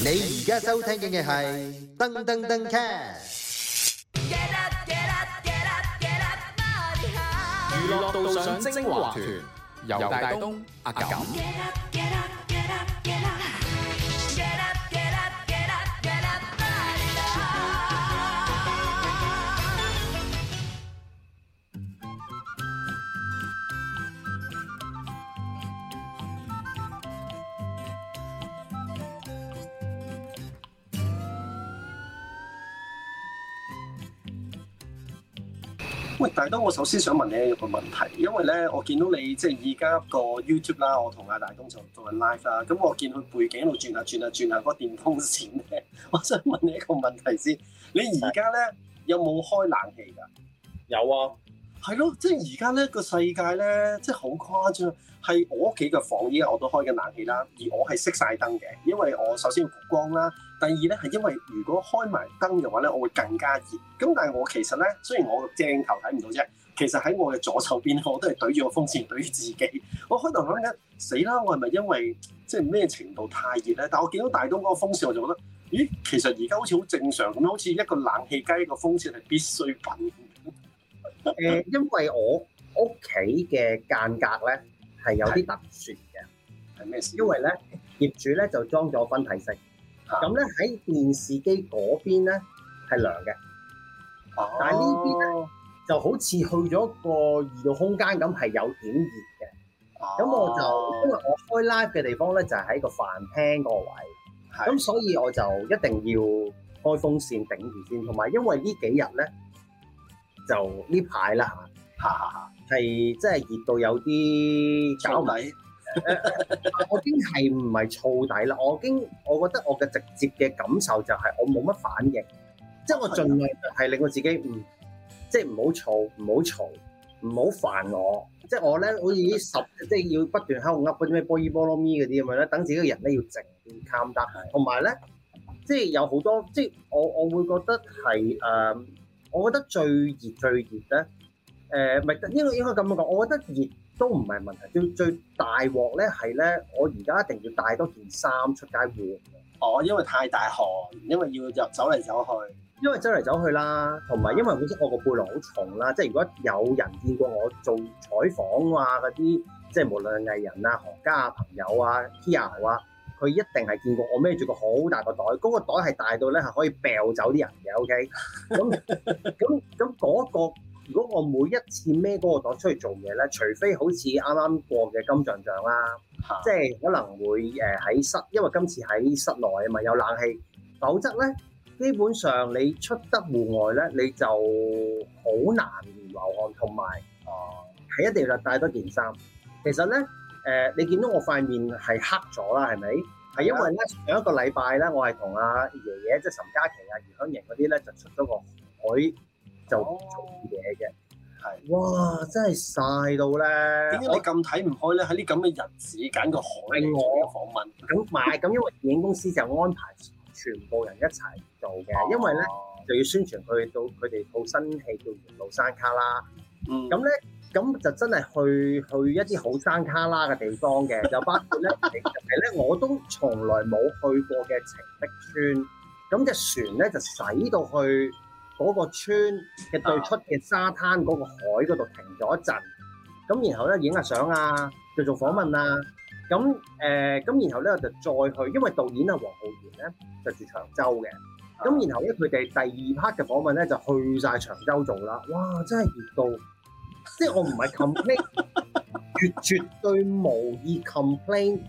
你而家收聽緊嘅係《噔噔噔 cast》。娛樂道上精華團，由大東、阿錦。咁我首先想問你一個問題，因為咧我見到你即係而家個 YouTube 啦，我同阿大東就做緊 live 啦。咁我見佢背景度轉下轉下轉下個電風扇咧，我想問你一個問題先，你而家咧有冇開冷氣㗎？有啊，係咯，即係而家咧個世界咧，即係好誇張。係我屋企嘅房依家我都開緊冷氣啦，而我係熄晒燈嘅，因為我首先要光啦。第二咧，係因為如果開埋燈嘅話咧，我會更加熱。咁但係我其實咧，雖然我鏡頭睇唔到啫，其實喺我嘅左手邊，我都係對住個風扇對住自己。我開頭諗緊，死啦！我係咪因為即係咩程度太熱咧？但係我見到大東嗰個風扇，我就覺得，咦，其實而家好似好正常咁，好似一個冷氣機一個風扇係必需品。誒， 因為我屋企嘅間隔咧係有啲特殊嘅，係咩事？因為咧業主咧就裝咗分體式。咁咧喺電視機嗰邊咧係涼嘅，啊、但係呢邊咧就好似去咗個異度空間咁，係有點熱嘅。咁、啊、我就因為我開 live 嘅地方咧就喺、是、個飯廳個位，咁的所以我就一定要開風扇頂住先，同埋因為這幾天呢幾日咧就呢排啦嚇，係的的真係熱到有啲搞唔 uh, 我已經係唔係燥底啦，嗯嗯。我已經我覺得我嘅直接嘅感受就係我冇乜反應，即係我盡量係令我自己唔即係唔好燥、唔好嘈、唔好煩我。即係我咧好似啲十， 即係要不斷喺度噏嗰啲咩般若波羅蜜嗰啲咁樣咧，等自己個人咧要靜啲 calm down。同埋咧，即係有好多即係我我會覺得係誒、呃，我覺得最熱最熱咧誒、唔、呃、係應該應該咁樣講，我覺得熱。都唔係問題，最最大鑊咧係咧，我而家一定要帶多件衫出街換哦，因為太大汗，因為要入走嚟走去，因為走嚟走去啦，同埋因為好似我個背囊好重啦，即係如果有人見過我做採訪啊嗰啲，即係無論藝人啊、行家啊、朋友啊、PR 啊，佢一定係見過我孭住個好大個袋、嗰個袋大，嗰個袋係大到咧係可以掉走啲人嘅，OK？咁咁咁嗰個。如果我每一次孭嗰個袋出去做嘢咧，除非好似啱啱過嘅金像獎啦，即係可能會誒喺室，因為今次喺室內啊嘛，有冷氣，否則咧基本上你出得戶外咧，你就好難流汗同埋，係一定要帶多件衫。其實咧誒，你見到我塊面係黑咗啦，係咪？係因為咧上一個禮拜咧，我係同阿爺爺即係岑嘉琪啊、余香凝嗰啲咧就出咗個海。就做嘢嘅，係哇，真係曬到咧！點解你咁睇唔開咧？喺呢咁嘅日子揀個海嚟做訪問，咁唔係，咁因為電影公司就安排全部人一齊做嘅，因為咧就要宣傳佢哋到佢哋套新戲叫《緣路山旮旯》啦。咁咧，咁就真係去去一啲好山卡啦嘅地方嘅，就包括咧，其實係咧我都從來冇去過嘅澄碧邨。咁隻船咧就駛到去。嗰個村嘅對出嘅沙灘嗰個海嗰度停咗一陣，咁然後咧影下相啊，就做訪問啊，咁誒咁然後咧我就再去，因為導演係黃浩然咧，就住長洲嘅，咁然後咧佢哋第二 part 嘅訪問咧就去晒長洲做啦。哇！真係熱到，即係我唔係 complain，絕 絕對無意 complain、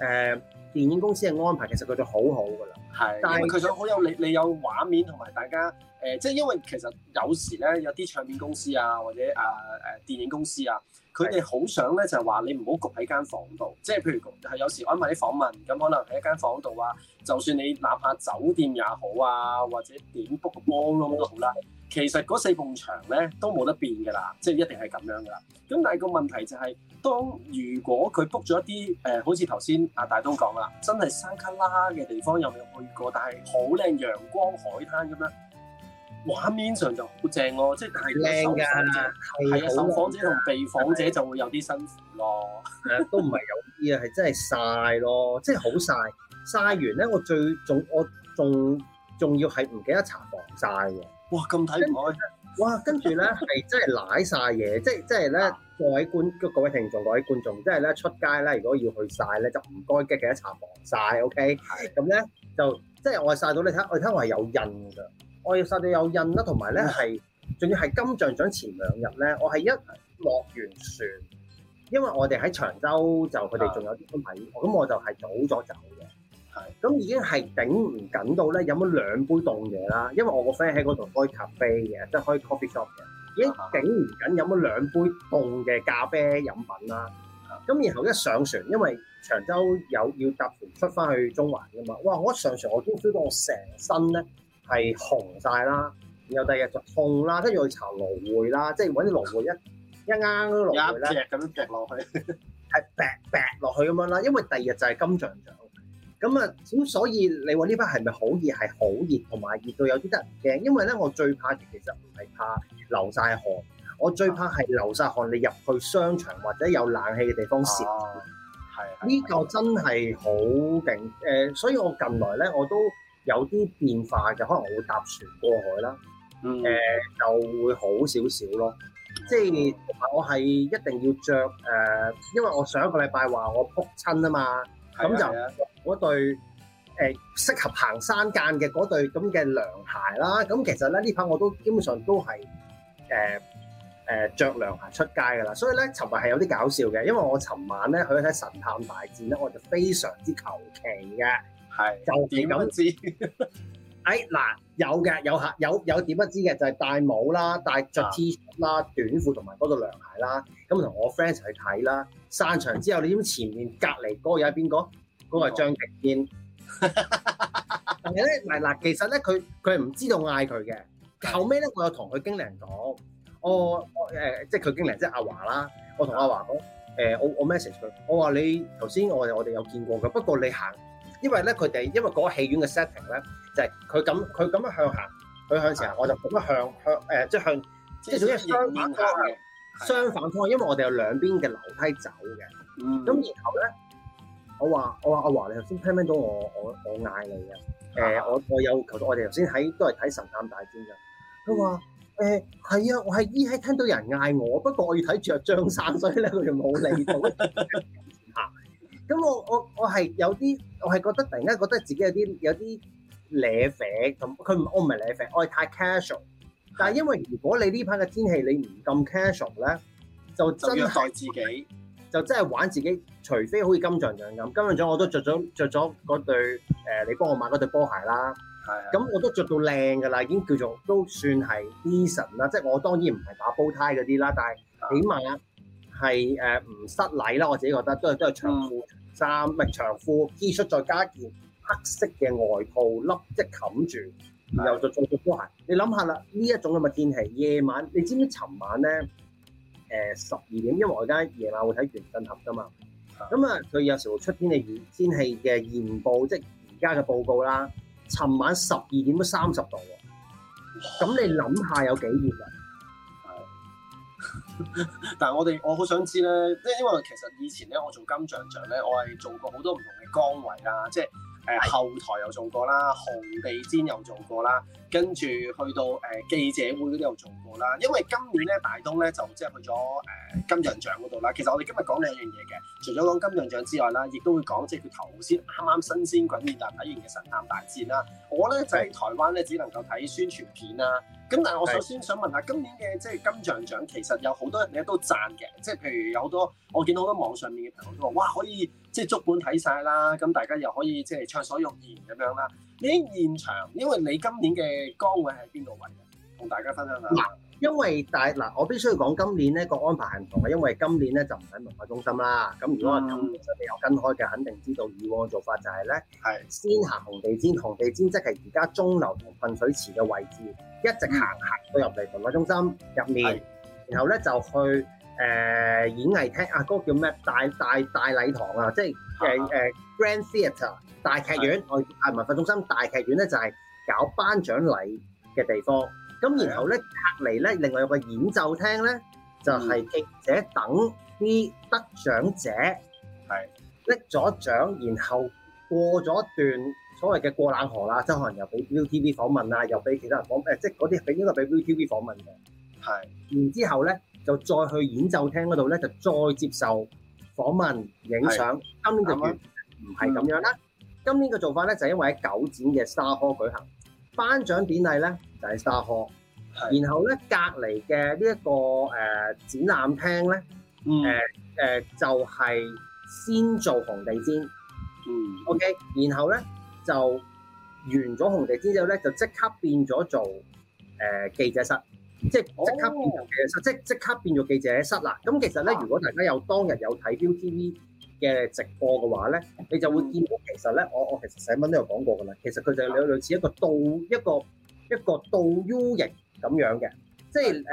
呃。誒，電影公司嘅安排其實佢就好好噶啦，是但係佢想好有你你有畫面同埋大家。誒，即係因為其實有時咧，有啲唱片公司啊，或者啊誒、呃、電影公司啊，佢哋好想咧就係、是、話你唔好焗喺間房度，即係譬如焗，係有時安排啲訪問，咁可能喺一間房度啊，就算你哪下酒店也好啊，或者點 book 個 ballroom 都好啦。其實嗰四埲牆咧都冇得變㗎啦，即係一定係咁樣㗎啦。咁但係個問題就係、是，當如果佢 book 咗一啲誒、呃，好似頭先阿大東講啦，真係山卡拉嘅地方有冇去過，但係好靚陽光海灘咁樣。畫面上就好正咯，即係太靚㗎係啊，受訪者同被訪者就會有啲辛苦咯，都唔係有啲啊，係真係晒咯，即係好晒，晒完咧，我最仲我仲仲要係唔記得搽防晒嘅，哇咁睇唔開，哇跟住咧係真係舐晒嘢，即係即係咧各位觀各位聽眾各位觀眾，即係咧出街咧如果要去晒咧，就唔該記得搽防晒。OK 咁咧就即係我晒到你睇我睇我係有印㗎。我要受到有印啦，同埋咧係，仲、嗯、要係金像獎前兩日咧，我係一落完船，因為我哋喺長洲就佢哋仲有啲安排，咁、嗯、我就係早咗走嘅，係、嗯，咁已經係頂唔緊到咧飲咗兩杯凍嘢啦，因為我個 friend 喺嗰度開咖啡嘅，即係開 coffee shop 嘅，已經頂唔緊飲咗兩杯凍嘅咖啡飲品啦，咁、嗯、然後一上船，因為長洲有要搭船出翻去中環㗎嘛，哇！我一上船我都 feel 到我成身咧～係紅晒啦，然後第二日就痛啦，跟住去搽蘆薈啦， 即係揾啲蘆薈一蘆一啱啱啲蘆薈咧，咁樣劈落去，係劈劈落去咁樣啦。因為第二日就係金像獎，咁啊，咁所以你話呢班係咪好熱係好熱，同埋熱,熱到有啲得人驚？因為咧，我最怕其實唔係怕流晒汗，我最怕係流晒汗你入去商場或者有冷氣嘅地方攝。係呢個真係好勁誒，所以我近來咧我都。有啲變化嘅，可能我會搭船過海啦，誒、嗯呃、就會好少少咯。即係我係一定要着，誒、呃，因為我上一個禮拜話我仆親啊嘛，咁的就嗰對誒的、呃、適合行山間嘅嗰對咁嘅涼鞋啦。咁其實咧呢排我都基本上都係誒誒著涼鞋出街噶啦。所以咧，尋日係有啲搞笑嘅，因為我尋晚咧去睇《神探大戰》咧，我就非常之求其嘅。就點咁知？ 哎嗱，有嘅有客有有點不知嘅，就係、是、戴帽啦、戴着 T 恤啦、的短褲同埋嗰個涼鞋啦，咁同我 friends 去睇啦。散場之後，你知唔知前面隔離嗰個係邊個？嗰個係張敬軒。但嗱，其實咧，佢佢係唔知道嗌佢嘅。後尾咧，我有同佢經理人講，我我、呃、即係佢經理人即係阿華啦。我同阿華講，誒我我 message 佢，我話你頭先我我哋有見過佢，不過你行。因為咧，佢哋因為嗰個戲院嘅 setting 咧，就係佢咁佢咁樣向下，佢向前，的我就咁樣向向誒、呃，即係向，的即係相反方向嘅相反方向的，因為我哋有兩邊嘅樓梯走嘅。咁、嗯、然後咧，我話我話阿、啊、華，你頭先聽唔聽到我我我嗌你啊？誒，我我，的、呃、我，我有求到我、嗯欸，我哋頭先喺都係睇《神探大戰》噶。佢話誒係啊，我係依稀聽到人嗌我，不過我要睇著張生， 所以咧佢就冇理到。咁我我我係有啲，我係覺得突然間覺得自己有啲有啲僂啡，咁佢唔我唔係僂肥，我係太 casual。是的 但係因為如果你呢排嘅天氣你唔咁 casual 咧，就真係自己，就真係玩自己。除非好似金像獎咁，金像獎我都着咗著咗嗰對誒你幫我買嗰對波鞋啦。係。咁我都着到靚㗎啦，已經叫做都算係 Eason 啦。嗯、即係我當然唔係打煲呔嗰啲啦，但係起碼、啊。係誒唔失禮啦，我自己覺得都係都係長褲衫，唔係長褲 T 恤，再加件黑色嘅外套笠，即冚住，然後就做對波鞋。你諗下啦，呢一種嘅天氣，夜晚你知唔知呢？尋晚咧誒十二點，因為我而家夜晚會睇原振俠㗎嘛。咁啊的，佢有時候出天氣天氣嘅現報，即係而家嘅報告啦。尋晚十二點都三十度喎，咁你諗下有幾熱啊？ 但係我哋，我好想知咧，即係因為其實以前咧，我做金像獎咧，我係做過好多唔同嘅崗位啦，即係誒後台又做過啦，紅地毯又做過啦，跟住去到誒記者會都有做過啦。因為今年咧大東咧就即係去咗誒金像獎嗰度啦。其實我哋今日講兩樣嘢嘅，除咗講金像獎之外啦，亦都會講即係佢頭先啱啱新鮮滾熱但睇完嘅神探大戰啦。我咧就喺台灣咧只能夠睇宣傳片啦。咁但係我首先想問下，是今年嘅即係金像獎其實有好多人咧都讚嘅，即係譬如有好多我見到好多網上面嘅朋友都話，哇可以即係足本睇晒啦，咁大家又可以即係暢所欲言咁樣啦。你現場因為你今年嘅崗位喺邊度位啊？同大家分享下。嗯因為但係嗱，我必須要講今年呢個安排係唔同嘅，因為今年咧就唔喺文化中心啦。咁如果係文化中心你有跟開嘅，嗯、肯定知道以往嘅做法就係、是、咧，嗯、先行紅地氈，紅地氈即係而家鐘樓同噴水池嘅位置，一直行行到入嚟文化中心入面，嗯、然後咧就去誒、呃、演藝廳啊，嗰、那個、叫咩？大大大禮堂啊，即係誒、呃啊、Grand Theatre 大劇院，我係是文化中心大劇院咧就係、是、搞頒獎禮嘅地方。咁然後咧，隔離咧，另外有個演奏廳咧，就係記者等啲得獎者，係拎咗獎，然後過咗一段所謂嘅過冷河啦，即係可能又俾 ViuTV 訪問啦，又俾其他人訪問，誒，即係嗰啲俾應該俾 ViuTV 訪問嘅，係。然之後咧，就再去演奏廳嗰度咧，就再接受訪問、影相。今年就決唔係咁樣啦。今年嘅做法咧，就係因為喺九展嘅 Star Hall 舉行頒獎典禮咧。大沙河，然後咧，隔離嘅呢一個誒、呃、展覽廳咧，誒誒、嗯呃、就係、是、先做紅地氈，嗯，O K。Okay? 然後咧就完咗紅地氈之後咧，就即刻變咗做誒、呃、記者室，即係即刻變做記者室，哦、即即刻變咗記者室啦。咁其實咧，啊、如果大家有當日有睇 ViuTV 嘅直播嘅話咧，你就會見到其實咧，我我其實寫文都有講過噶啦。其實佢就有類似一個到一個。一個倒 U 型咁樣嘅，即係誒誒誒，唔的、呃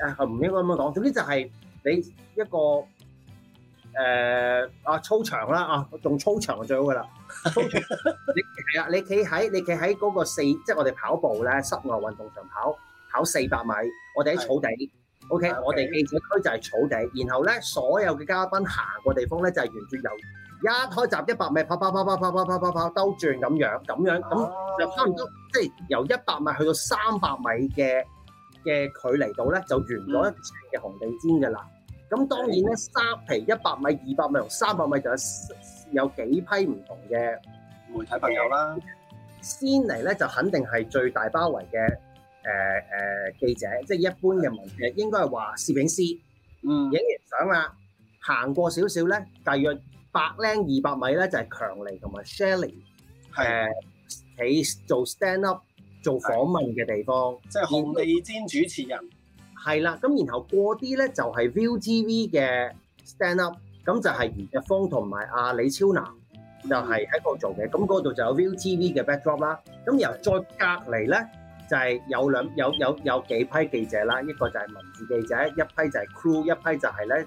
呃呃、應該咁樣講。總之就係你一個誒、呃、啊操場啦啊，仲操場最好噶啦。操場你係啊，的你企喺你企喺嗰個四，即係我哋跑步咧，室外運動場跑跑四百米，我哋喺草地。OK，我哋記者區就係草地，然後咧所有嘅嘉賓行過地方咧就係沿住有，一開閘一百米跑跑跑跑跑跑跑跑跑兜轉咁樣咁樣咁，就差唔多即係由一百米去到三百米嘅嘅距離度咧，就完咗一程嘅紅地氈噶啦。咁當然咧，沙皮一百米、二百米、同三百米就有有幾批唔同嘅媒體朋友啦。先嚟咧就肯定係最大包圍嘅誒誒記者，即係一般嘅媒體應該係話攝影師，嗯，影完相啊，行過少少咧，大約。百零二百米咧就係強尼同埋 Shelly 誒起做 stand up 做訪問嘅地方，是即係紅地氈主持人。係啦，咁然後過啲咧就係 ViuTV 嘅 stand up，咁就係葉日峰同埋阿李超男就係喺度做嘅。咁嗰度就有 ViuTV 嘅 backdrop 啦。咁然後再隔離咧就係有兩有有有幾批記者啦，一個就係文字記者，一批就係 crew，一批就係咧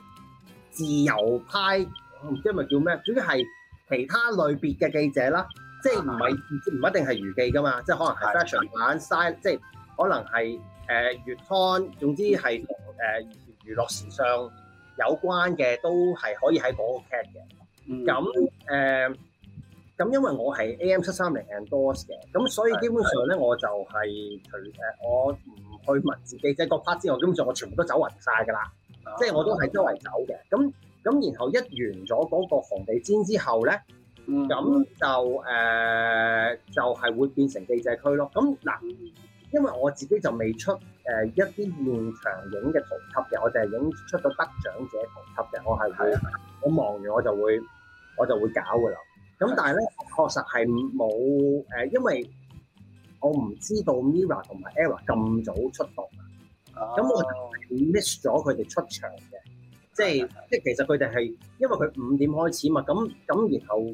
自由派。唔知係咪叫咩，主要係其他類別嘅記者啦，即係唔係唔一定係娛記噶嘛，即係可能係 fashion、style 即係可能係誒月刊，總之係同誒娛樂時尚有關嘅都係可以喺嗰個 cat 嘅。咁誒咁因為我係 AM 七三零 endors 嘅，咁所以基本上咧的我就係除誒我唔去問自己嘅個 part 之外，基本上我全部都走勻晒㗎啦，啊、即係我都係周圍走嘅咁。咁然後一完咗嗰個紅地氈之後咧，咁、嗯、就誒、uh, 就係會變成記者區咯。咁嗱，因為我自己就未出誒、uh, 一啲現場影嘅圖輯嘅，我就係影出咗得獎者圖輯嘅。我係的我望住我就會我就會搞噶啦。咁但係咧，確實係冇誒，uh, 因為我唔知道 Mirror 同埋 Era 咁早出道。咁、啊、我 miss 咗佢哋出場嘅。即係即係，其實佢哋係因為佢五點開始嘛，咁咁然後誒誒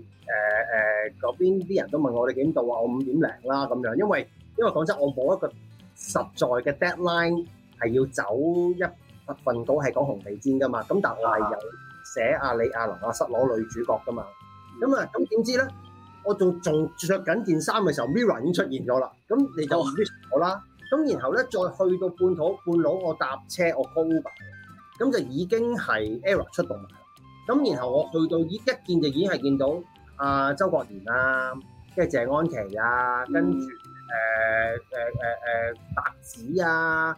嗰邊啲人都問我你幾點到啊？我五點零啦咁樣，因為因為講真，我冇一個實在嘅 deadline 係要走一份稿係講紅地氈噶嘛。咁但係我係有寫阿李阿龍阿失攞女主角噶嘛。咁啊咁點知咧？我仲仲著緊件衫嘅時候，Mirror 已經出現咗啦。咁你就 hit 我啦。咁然後咧，再去到半土半路，我搭車我 call Uber。咁就已經係 error 出動埋，咁然後我去到依一見就已經係見到阿、呃、周國賢啦，即係謝安琪啊，啊嗯、跟住誒誒誒誒白子啊，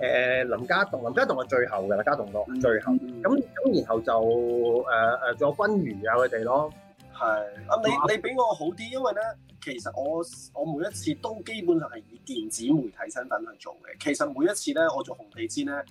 呃、林家棟林家棟係最後嘅啦，家棟落最、嗯、最後，咁咁然後就誒誒仲有君如啊佢哋咯，係啊你那你比我好啲，因為咧其實我我每一次都基本上係以電子媒體身份去做嘅，其實每一次咧我做紅地氈咧。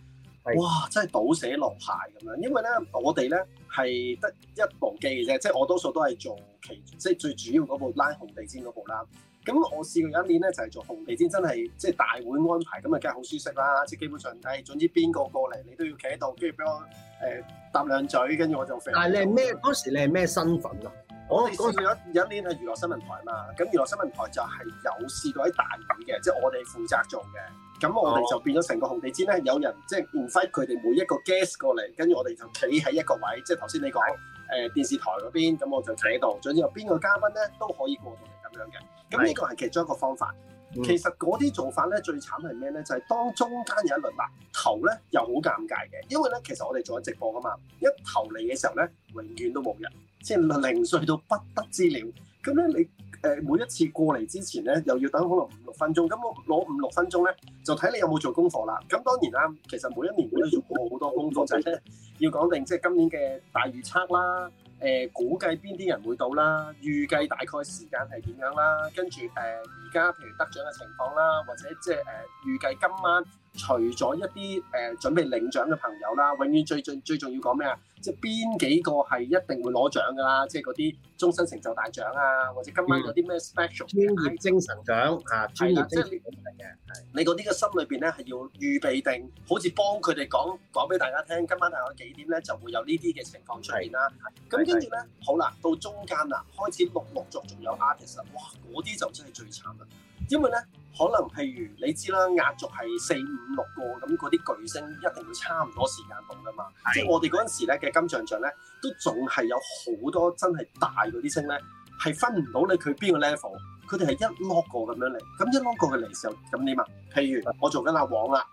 是哇！真係倒瀉籮蟹咁樣，因為咧我哋咧係得一部機嘅啫，即係我多數都係做其即係最主要嗰部拉紅地氈嗰部啦。咁我試過有一年咧就係、是、做紅地氈，真係即係大會安排，咁啊梗係好舒適啦。即係基本上，誒總之邊個過嚟你都要企喺度，跟住俾我誒、呃、搭兩嘴，跟住我就飛。但係你係咩？嗰時你係咩身份㗎、啊？我試過有一有一年係娛樂新聞台嘛，咁娛樂新聞台就係有試過喺大會嘅，即係我哋負責做嘅。咁我哋就變咗成個紅地毯咧，有人即係 invite 佢哋每一個 guest 過嚟，跟住我哋就企喺一個位，即係頭先你講誒是的、呃、電視台嗰邊，咁我就睇到，總之有邊個嘉賓咧都可以過到嚟咁樣嘅。咁呢個係其中一個方法。其實嗰啲做法咧最慘係咩咧？就係、是、當中間有一輪嗱頭咧又好尷尬嘅，因為咧其實我哋做緊直播噶嘛，一投嚟嘅時候咧永遠都冇人，即係零碎到不得之了。咁咧你。誒每一次過嚟之前咧，又要等可能五六分鐘。咁我攞五六分鐘咧，就睇你有冇做功課啦。咁當然啦，其實每一年我都要做過好多功課就係咧，要講定即係今年嘅大預測啦。呃、估計邊啲人會到啦？預計大概時間係點樣啦？跟住誒，而家譬如得獎嘅情況啦，或者即係誒預計今晚除咗一啲誒、呃、準備領獎嘅朋友啦，永遠最最最重要講咩啊？即係邊幾個係一定會攞獎㗎啦，即係嗰啲終身成就大獎啊，或者今晚有啲咩 special 專業精神獎啊，專業精神嘅，係你嗰啲嘅心裏邊咧係要預備定，好似幫佢哋講講俾大家聽，今晚大概幾點咧就會有呢啲嘅情況出現啦。咁跟住咧，呢的好啦，到中間啦，開始陸陸續續有 artist 啦，哇，嗰啲就真係最慘啦，因為咧可能譬如你知啦，壓軸係四五六個咁，嗰啲巨星一定會差唔多時間到㗎嘛，的即係我哋嗰陣時咧嘅。金像獎咧，都仲係有好多真係大嗰啲聲咧，係分唔到你佢邊個 level，佢哋係一 lock 過咁樣嚟。咁一 lock 過佢嚟時候，咁你問，譬如我做緊阿王啦，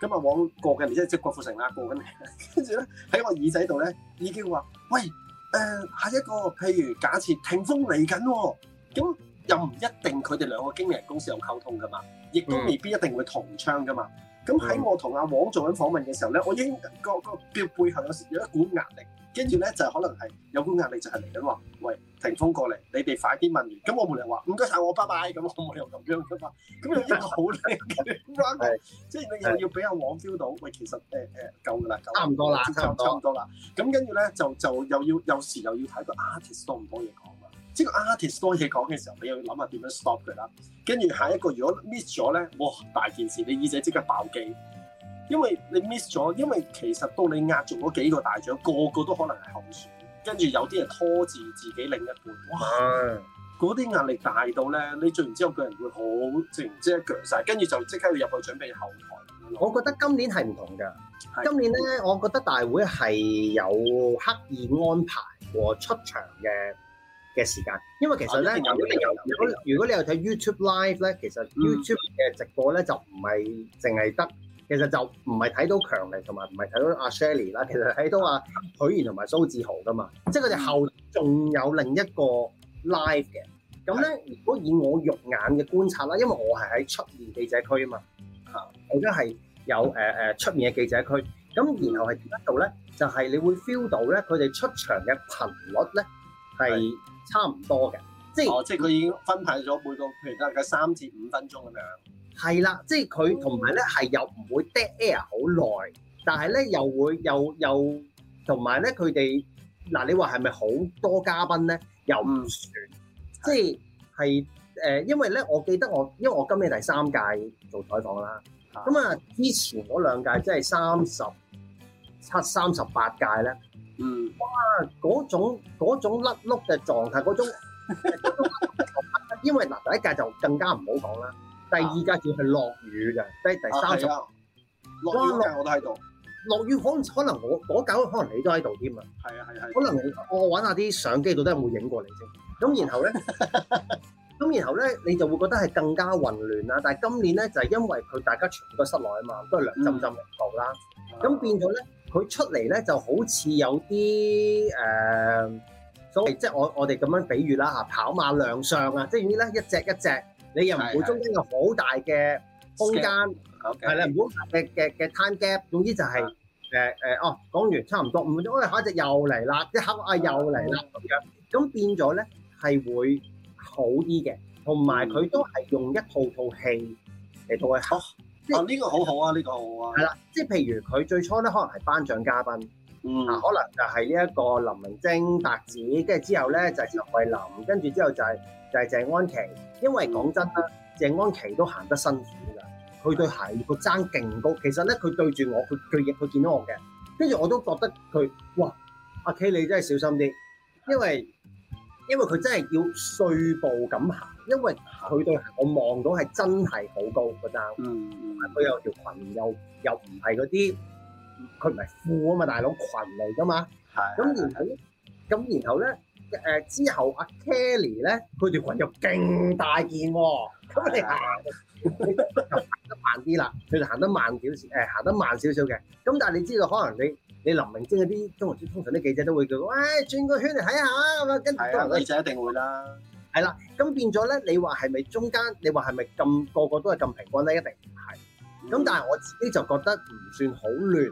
咁阿王過緊嚟，即係即郭富城啦過緊嚟，跟住咧喺我耳仔度咧已經話，喂，誒、呃、下一個，譬如假設霆鋒嚟緊喎，咁又唔一定佢哋兩個經理人公司有溝通噶嘛，亦都未必一定會同槍噶嘛。咁喺、嗯、我同阿黃做緊訪問嘅時候咧，我已經個個背背後有一壓、就是、有一股壓力，跟住咧就可能係有股壓力就係嚟緊話喂，霆鋒過嚟，你哋快啲問完，咁我冇理由話唔該晒我，拜拜，咁我冇理由咁樣嘅嘛，咁又一個好靚嘅即係你又要俾阿黃 feel 到，喂，其實誒誒、欸、夠㗎啦，夠差唔多啦，差唔多，啦，咁跟住咧就就又要有時又要睇到 artist 多唔多嘢講。即係個 artist 多嘢講嘅時候，你要諗下點樣 stop 佢啦。跟住下一個，如果 miss 咗咧，哇，大件事！你耳仔即刻爆機，因為你 miss 咗，因為其實到你押中咗幾個大獎，個個都可能係候選。跟住有啲人拖住自，自己另一半，哇！嗰啲壓力大到咧，你做完之後個人會好靜即係腳晒。跟住就即刻要入去準備後台。我覺得今年係唔同㗎。是今年咧，嗯、我覺得大會係有刻意安排和出場嘅。嘅時間，因為其實咧，如果如果你有睇 YouTube Live 咧，其實 YouTube 嘅直播咧就唔係淨係得，其實就唔係睇到強力同埋唔係睇到阿 Shelly 啦，其實睇到阿許賢同埋蘇致豪㗎嘛，即係佢哋後仲有另一個 Live 嘅。咁咧，如果以我肉眼嘅觀察啦，因為我係喺出面記者區啊嘛，嚇，我都係有誒誒出面嘅記者區。咁然後係邊一度咧？就係你會 feel 到咧，佢哋出場嘅頻率咧係。差唔多嘅，即係哦，即係佢已經分派咗每個評價嘅三至五分鐘咁樣。係啦，即係佢同埋咧係又唔會 dead air 好耐，但係咧又會又又同埋咧佢哋嗱，你話係咪好多嘉賓咧？又唔算，嗯、即係係誒，因為咧，我記得我因為我今年第三屆做採訪啦，咁啊的，那之前嗰兩屆即係三十七、三十八屆咧。嗯，哇！嗰種嗰種甩碌嘅狀態，嗰種，因為嗱第一屆就更加唔好講啦，第二屆仲係落雨嘅，第第三十，落雨屆我都喺度，落雨可可能我搞，可能你都喺度添啊，係啊係係，可能我揾下啲相機度都有冇影過你先，咁然後咧，咁然後咧你就會覺得係更加混亂啦，但係今年咧就係因為佢大家全部都室內啊嘛，都係涼浸浸度啦，咁變咗咧。佢出嚟咧就好似有啲誒所謂即係我我哋咁樣比喻啦嚇，跑馬亮相啊，即係點咧一隻一隻，你又唔會中間有好大嘅空間，係啦，唔好嘅嘅嘅 time gap，總之就係誒誒哦講完差唔多，五分鐘我哋下一隻又嚟啦，即係下個嗌又嚟啦咁樣，咁變咗咧係會好啲嘅，同埋佢都係用一套套戲嚟到去。呢個好好啊！呢個好啊！係啦，即係譬如佢最初咧，可能係頒獎嘉賓，嗯，嗱、啊，可能就係呢一個林文晶、達子，跟住之後咧就係陳慧琳，跟住之後就係就係鄭安琪。因為講真啦，嗯、鄭安琪都行得辛苦㗎，佢對鞋個踭勁高。其實咧，佢對住我，佢佢亦佢見到我嘅，跟住我都覺得佢哇，阿 K 你真係小心啲，因為因為佢真係要碎步咁行。因為佢對我望到係真係好高個踭，同佢有條裙又又唔係嗰啲，佢唔係褲啊嘛，大佬裙嚟噶嘛。係。咁然後咧，咁是的 然後咧，誒、呃、之後阿、啊、Kelly 咧，佢條裙又勁大件喎、哦。咁是的 你行，你行是的 得慢啲啦，你行得慢少少，誒、哎、行得慢少少嘅。咁但係你知道，可能你你林明晶嗰啲，通常通常啲記者都會叫，喂轉個圈嚟睇下咁樣，的跟住啊，記者一定會啦。係啦，咁變咗咧，你話係咪中間？你話係咪咁個個都係咁平均咧？一定唔係。咁但係我自己就覺得唔算好亂，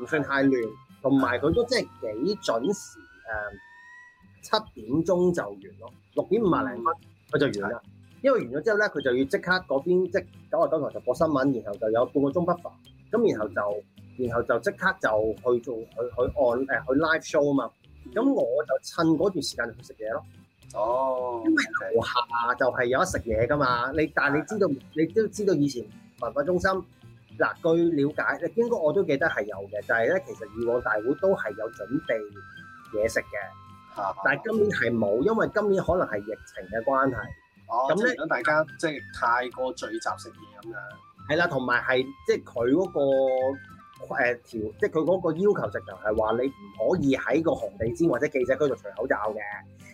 唔算太亂，同埋佢都真係幾準時誒，七、呃、點鐘就完咯，六點五廿零分，佢、嗯、就完啦。是的 因為完咗之後咧，佢就要即刻嗰邊即九啊九台就播新聞，然後就有半個鐘 buffer，咁然後就然後就即刻就去做去去按誒去 live show 啊嘛。咁我就趁嗰段時間就食嘢咯。哦，因為樓下就係有得食嘢噶嘛。你的但係你知道，的你都知道以前文化中心嗱、啊，據了解，應該我都記得係有嘅，就係咧，其實以往大會都係有準備嘢食嘅，的但係今年係冇，是的因為今年可能係疫情嘅關係，咁咧、哦、你大家即係太過聚集食嘢咁樣。係啦，同埋係即係佢嗰個誒、呃、即係佢嗰個要求直頭係話你唔可以喺個紅地毯或者記者區度除口罩嘅。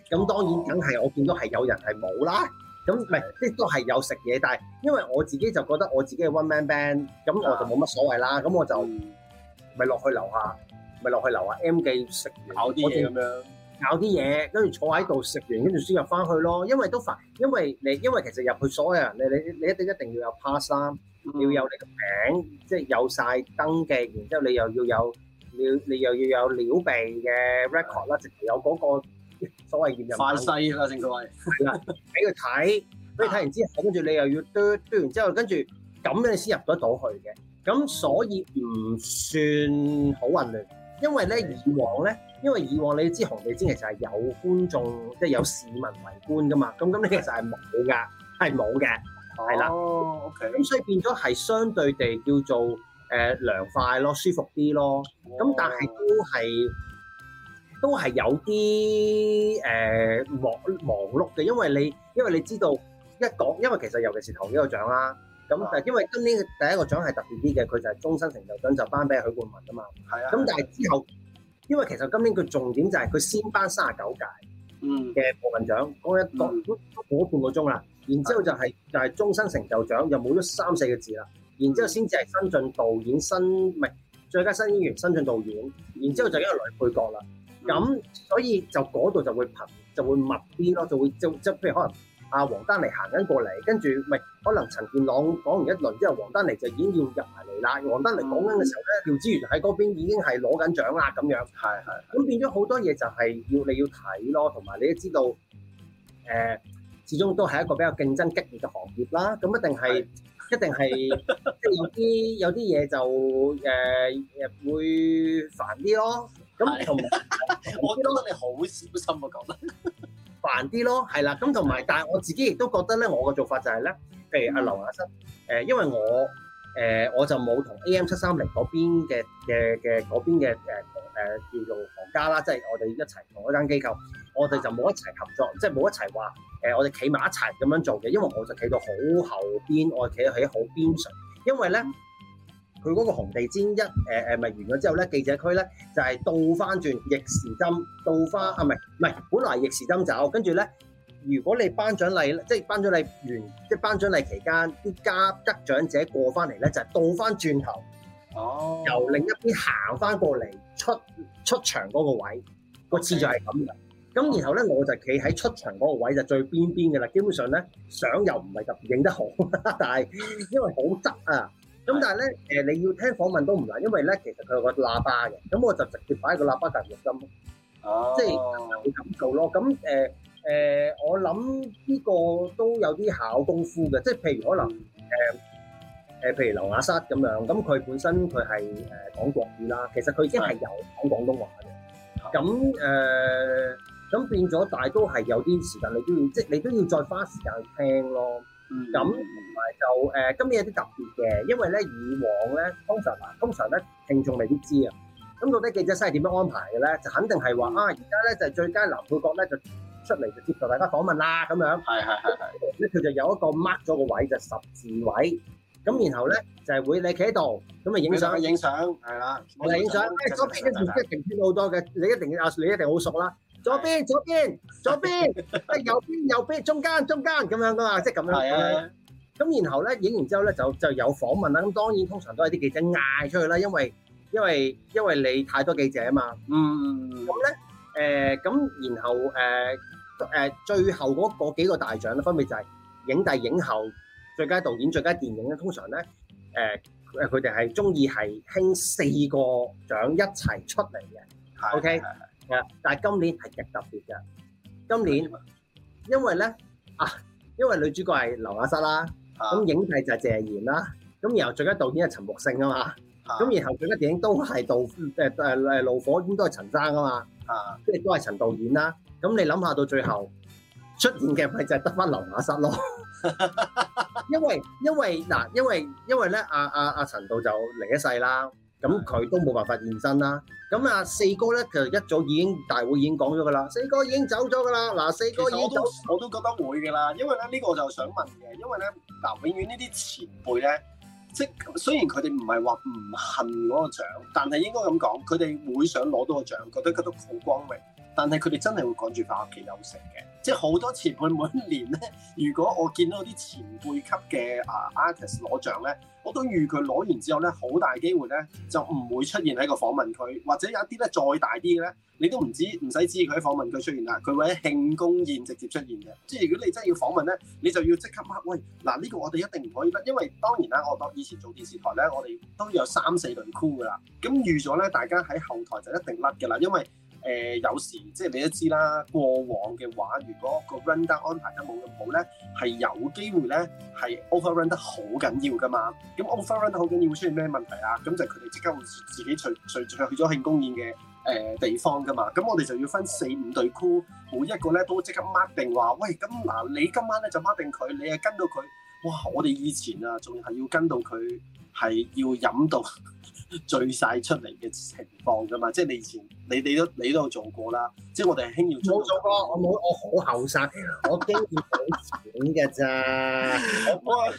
咁當然梗係，我見到係有人係冇啦。咁係，即係都係有食嘢，但係因為我自己就覺得我自己係 one man band，咁我就冇乜所謂啦。咁我就咪落去樓下，咪落去樓下 M 記食，搞啲嘢咁樣搞啲嘢，跟住坐喺度食完，跟住先入翻去咯。因為都煩，因為你因為其實入去所有人，你你你一定一定要有 pass 啦，要有你個名，嗯、即係有晒登記，然之後你又要有，你你又要有了備嘅 record 啦，嗯、有嗰、嗰個。所謂驗人快西啦，正 所謂，係啦，俾佢睇，跟住睇完之後，跟住你又要嘟嘟完之後，跟住咁樣你先入得到去嘅。咁所以唔算好混亂，因為咧以往咧，因為以往你知紅地氈其實係有觀眾，即係 有市民圍觀噶嘛。咁咁你其實係冇㗎，係冇嘅，係啦、哦。的哦，OK。咁所以變咗係相對地叫做誒、呃、涼快咯，舒服啲咯。咁、哦、但係都係。都係有啲誒、呃、忙忙碌嘅，因為你因為你知道一講，因為其實尤其是頭幾個獎啦。咁但係因為今年嘅第一個獎係特別啲嘅，佢就係終身成就獎就頒俾許冠文啊嘛。係啊、嗯。咁但係之後，嗯、因為其實今年佢重點就係佢先頒三十九屆嘅部門獎，講一講講咗半個鐘啦。然之後就係、是嗯、就係終身成就獎，又冇咗三四個字啦。然之後先至係新晉導演新唔係最佳新演員、新晉導演，然之後就因為女配角啦。咁、嗯、所以就嗰度就會頻就會密啲咯，就會就即係譬如可能阿、啊、王丹妮行緊過嚟，跟住咪可能陳健朗講完一輪之後，王丹妮就已經要入埋嚟啦。王丹妮講緊嘅時候咧，廖子妤喺嗰邊已經係攞緊獎啦咁樣，係係。咁變咗好多嘢就係要你要睇咯，同埋你都知道，誒、呃、始終都係一個比較競爭激烈嘅行業啦。咁一定係是一定係即係有啲有啲嘢就誒、呃、會煩啲咯。咁同，我覺得你好小心啊，講得 煩啲咯，係啦，咁同埋，但係我自己亦都覺得咧，我嘅做法就係咧，譬如阿劉亞生，誒、呃，因為我誒、呃、我就冇同 AM 七三零嗰邊嘅嘅嘅嗰邊嘅誒誒叫做行家啦，即係我哋一齊同一間機構，我哋就冇一齊合作，即係冇一齊話誒，我哋企埋一齊咁樣做嘅，因為我就企到好後邊，我企喺好邊上，因為咧。佢嗰個紅地氈一誒誒咪完咗之後咧，記者區咧就係、是、倒翻轉逆時針倒翻啊，唔係唔係，本來逆時針走，跟住咧，如果你頒獎禮即係頒獎禮完，即係頒獎禮期間，啲加得獎者過翻嚟咧，就係、是、倒翻轉頭，oh. 由另一邊行翻過嚟出出場嗰個位，個次序係咁嘅。咁、oh. 然後咧，我就企喺出場嗰個位就最邊邊嘅啦。基本上咧，相又唔係特別影得好， 但係因為好擠啊。咁但係咧，誒你要聽訪問都唔難，因為咧其實佢係個喇叭嘅，咁我就直接擺喺個喇叭度錄音，即係感受咯。咁誒誒，我諗呢個都有啲考功夫嘅，即係譬如可能誒誒，譬如劉雅瑟咁樣，咁佢本身佢係誒講國語啦，其實佢已經係有講廣東話嘅。咁誒咁變咗，但係都係有啲時間你都要，即係你都要再花時間去聽咯。咁同埋就誒、呃，今年有啲特別嘅，因為咧以往咧通常啊，通常咧聽眾未必知啊。咁到底記者室係點樣安排嘅咧？就肯定係話、嗯、啊，而家咧就是、最佳男配角咧就出嚟就接受大家訪問啦，咁樣。係係係係。咁佢就有一個 mark 咗個位就是、十字位，咁然後咧就係會你企喺度，咁啊影相。影相。係啦。我哋影相。誒，好多嘅，你一定啊，你一定好熟啦。左邊、左邊、左邊，誒右邊、右邊、中間、中間咁樣㗎嘛，即係咁樣。係啊。咁然後咧，影完之後咧，就就有訪問啦。咁當然通常都係啲記者嗌出去啦，因為因為因為你太多記者啊嘛。嗯嗯嗯。咁咧誒，咁然後誒誒，最後嗰個幾個大獎咧，分別就係影帝、影后、最佳導演、最佳電影咧。通常咧誒誒，佢哋係鍾意係興四個獎一齊出嚟嘅。係。OK。係啊，但係今年係極特別嘅。今年因為咧啊，因為女主角係劉雅瑟啦，咁影帝就係謝賢啦，咁然後最佳導演係陳木勝啊嘛，咁然後最佳電影都係導誒誒誒怒火，應該係陳生啊嘛，即係都係陳導演啦。咁你諗下到最後出現嘅咪就係得翻劉雅瑟咯，因為因為嗱，因為因為咧阿阿阿陳導就離一世啦。咁佢都冇辦法現身啦。咁啊，四哥咧，其實一早已經大會已經講咗噶啦。四哥已經走咗噶啦。嗱，四哥已經走咗。我也。我都我都覺得會嘅啦，因為咧呢個我就想問嘅，因為咧嗱，永遠呢啲前輩咧，即係雖然佢哋唔係話唔恨嗰個獎，但係應該咁講，佢哋會想攞到個獎，覺得覺得好光榮，但係佢哋真係會趕住翻屋企休息嘅。即係好多前輩每一年咧，如果我見到啲前輩級嘅啊 artist 攞獎咧，我都預佢攞完之後咧，好大機會咧就唔會出現喺個訪問區，或者有一啲咧再大啲嘅咧，你都唔知唔使知佢喺訪問區出現啦，佢會喺慶功宴直接出現嘅。即係如果你真係要訪問咧，你就要即刻啊，喂，嗱呢個我哋一定唔可以甩，因為當然啦，我當以前做電視台咧，我哋都有三四隊 crew 㗎啦，咁預咗咧，大家喺後台就一定甩㗎啦，因為。誒、呃、有時即係你都知啦，過往嘅話，如果個 run down 安排得冇咁好咧，係有機會咧係 over run 得好緊要噶嘛。咁 over run 得好緊要會出現咩問題啊？咁就佢哋即刻會自己隨隨去咗慶功宴嘅誒地方噶嘛。咁我哋就要分四五隊 group 每一個咧都即刻 mark 定話，喂咁嗱，你今晚咧就 mark 定佢，你係跟到佢。哇！我哋以前啊，仲係要跟到佢，係要飲到。最晒出嚟嘅情況㗎嘛，即係你以前你哋都你都有做過啦，即係我哋係輕易冇做過，我冇我好後生， 我經驗好錢㗎咋， 我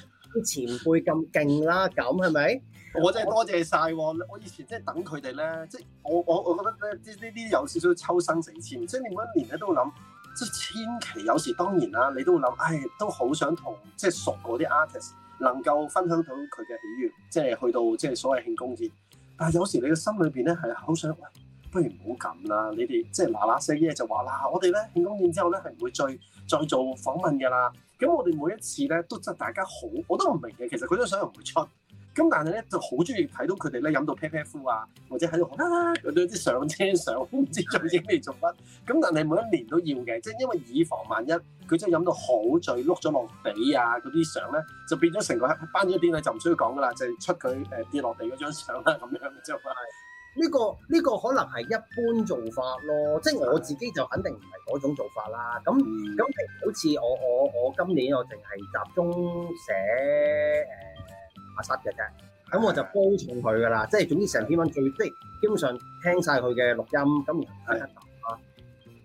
前輩咁勁啦，咁係咪？我真係多謝晒喎！我，我以前真係等佢哋咧，即係我我我覺得咧，呢呢啲有少少抽生成千，即係你每一年咧都會諗，即係千祈有時當然啦、啊，你都會諗，唉，都好想同即係熟嗰啲 artist 能夠分享到佢嘅喜悅，即係去到即係所謂慶功節。但有時你嘅心裏面咧係好想，喂、哎，不如唔好咁啦，你哋即係嗱嗱聲嘅就話啦，我哋咧慶功宴之後咧係唔會再再做訪問㗎啦。咁我哋每一次咧都大家都好，我都唔明嘅，其實佢張相又唔會出。咁但係咧就好中意睇到佢哋咧飲到啤啤呼啊，或者喺度啦。嗰啲上車相，唔、啊、知在影咩做乜。咁 但係每一年都要嘅，即、就、係、是、因為以防萬一佢真係飲到好醉，碌咗落地啊，嗰啲相咧就變咗成個班咗點、就是呃、啊，就唔需要講噶啦，就係出佢誒跌落地嗰張相啦咁樣。就係呢個呢個可能係一般做法咯，即係是的 我自己就肯定唔係嗰種做法啦。咁咁、嗯、譬如好似我我我今年我淨係集中寫誒。失嘅啫，咁我就幫襯佢噶啦，即係的總之成篇文最，即係的基本上聽晒佢嘅錄音。咁啊的，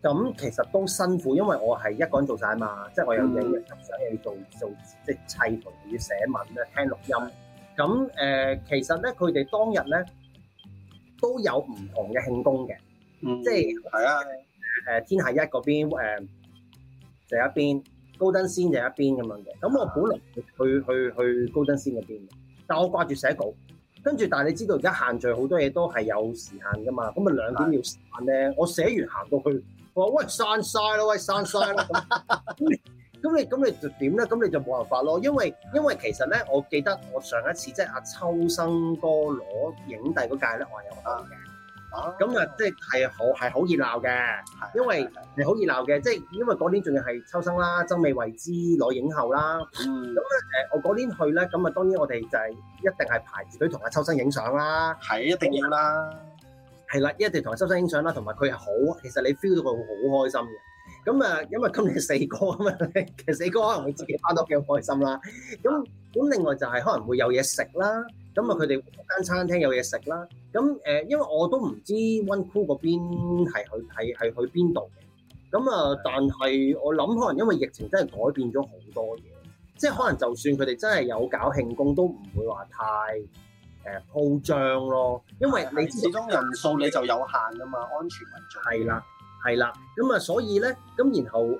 咁其實都辛苦，的因為我係一個人做晒啊嘛，即係的我有寫日誌，想去的做做即係砌圖，要、就、寫、是、文咧，聽錄音。咁誒的、呃，其實咧佢哋當日咧都有唔同嘅慶功嘅，的即係係啊誒天下一嗰邊就一邊。高登先就一邊咁樣嘅，咁我本嚟去的去去，去高登先嗰邊嘅，但我掛住寫稿，跟住但係你知道而家限聚好多嘢都係有時間噶嘛，咁咪兩點要散咧，的我寫完行過去，我話喂散晒咯，喂散晒咯，咁 你咁你咁你就點咧？咁你就冇辦法咯，因為因為其實咧，我記得我上一次即係阿秋生哥攞影帝嗰屆咧，我係有得嘅。咁啊，即係係好係好熱鬧嘅，因為你好熱鬧嘅，即係因為嗰年仲要係秋生啦、曾美慧孜攞影后啦。咁咧誒，我嗰年去咧，咁啊當然我哋就係一定係排住隊同阿秋生影相啦。係一定要啦，係啦後，一定同阿秋生影相啦，同埋佢係好，其實你 feel 到佢好開心嘅。咁啊，因為今年四哥啊嘛，其實四哥可能會自己玩到幾開心啦。咁咁另外就係可能會有嘢食啦。咁啊，佢哋間餐廳有嘢食啦。咁誒，因為我都唔知 One Cool 嗰邊係去係係、嗯、去邊度嘅。咁啊，但係我諗可能因為疫情真係改變咗好多嘢，即係可能就算佢哋真係有搞慶功都，都唔會話太誒鋪張咯。因為你始終人數你就有限㗎嘛，嗯、安全為主。係啦，係啦。咁啊，所以咧，咁然後誒誒誒誒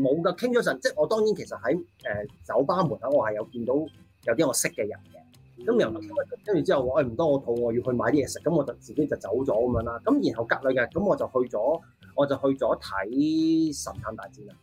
冇㗎傾咗陣，即係我當然其實喺誒、呃、酒吧門口，我係有見到。有啲我識嘅人嘅，咁然跟住之後、哎、不我誒唔多我肚餓，我要去買啲嘢食，咁我就自己就走咗咁樣啦。咁然後隔離嘅，咁我就去咗，我就去咗睇神探大戰啦。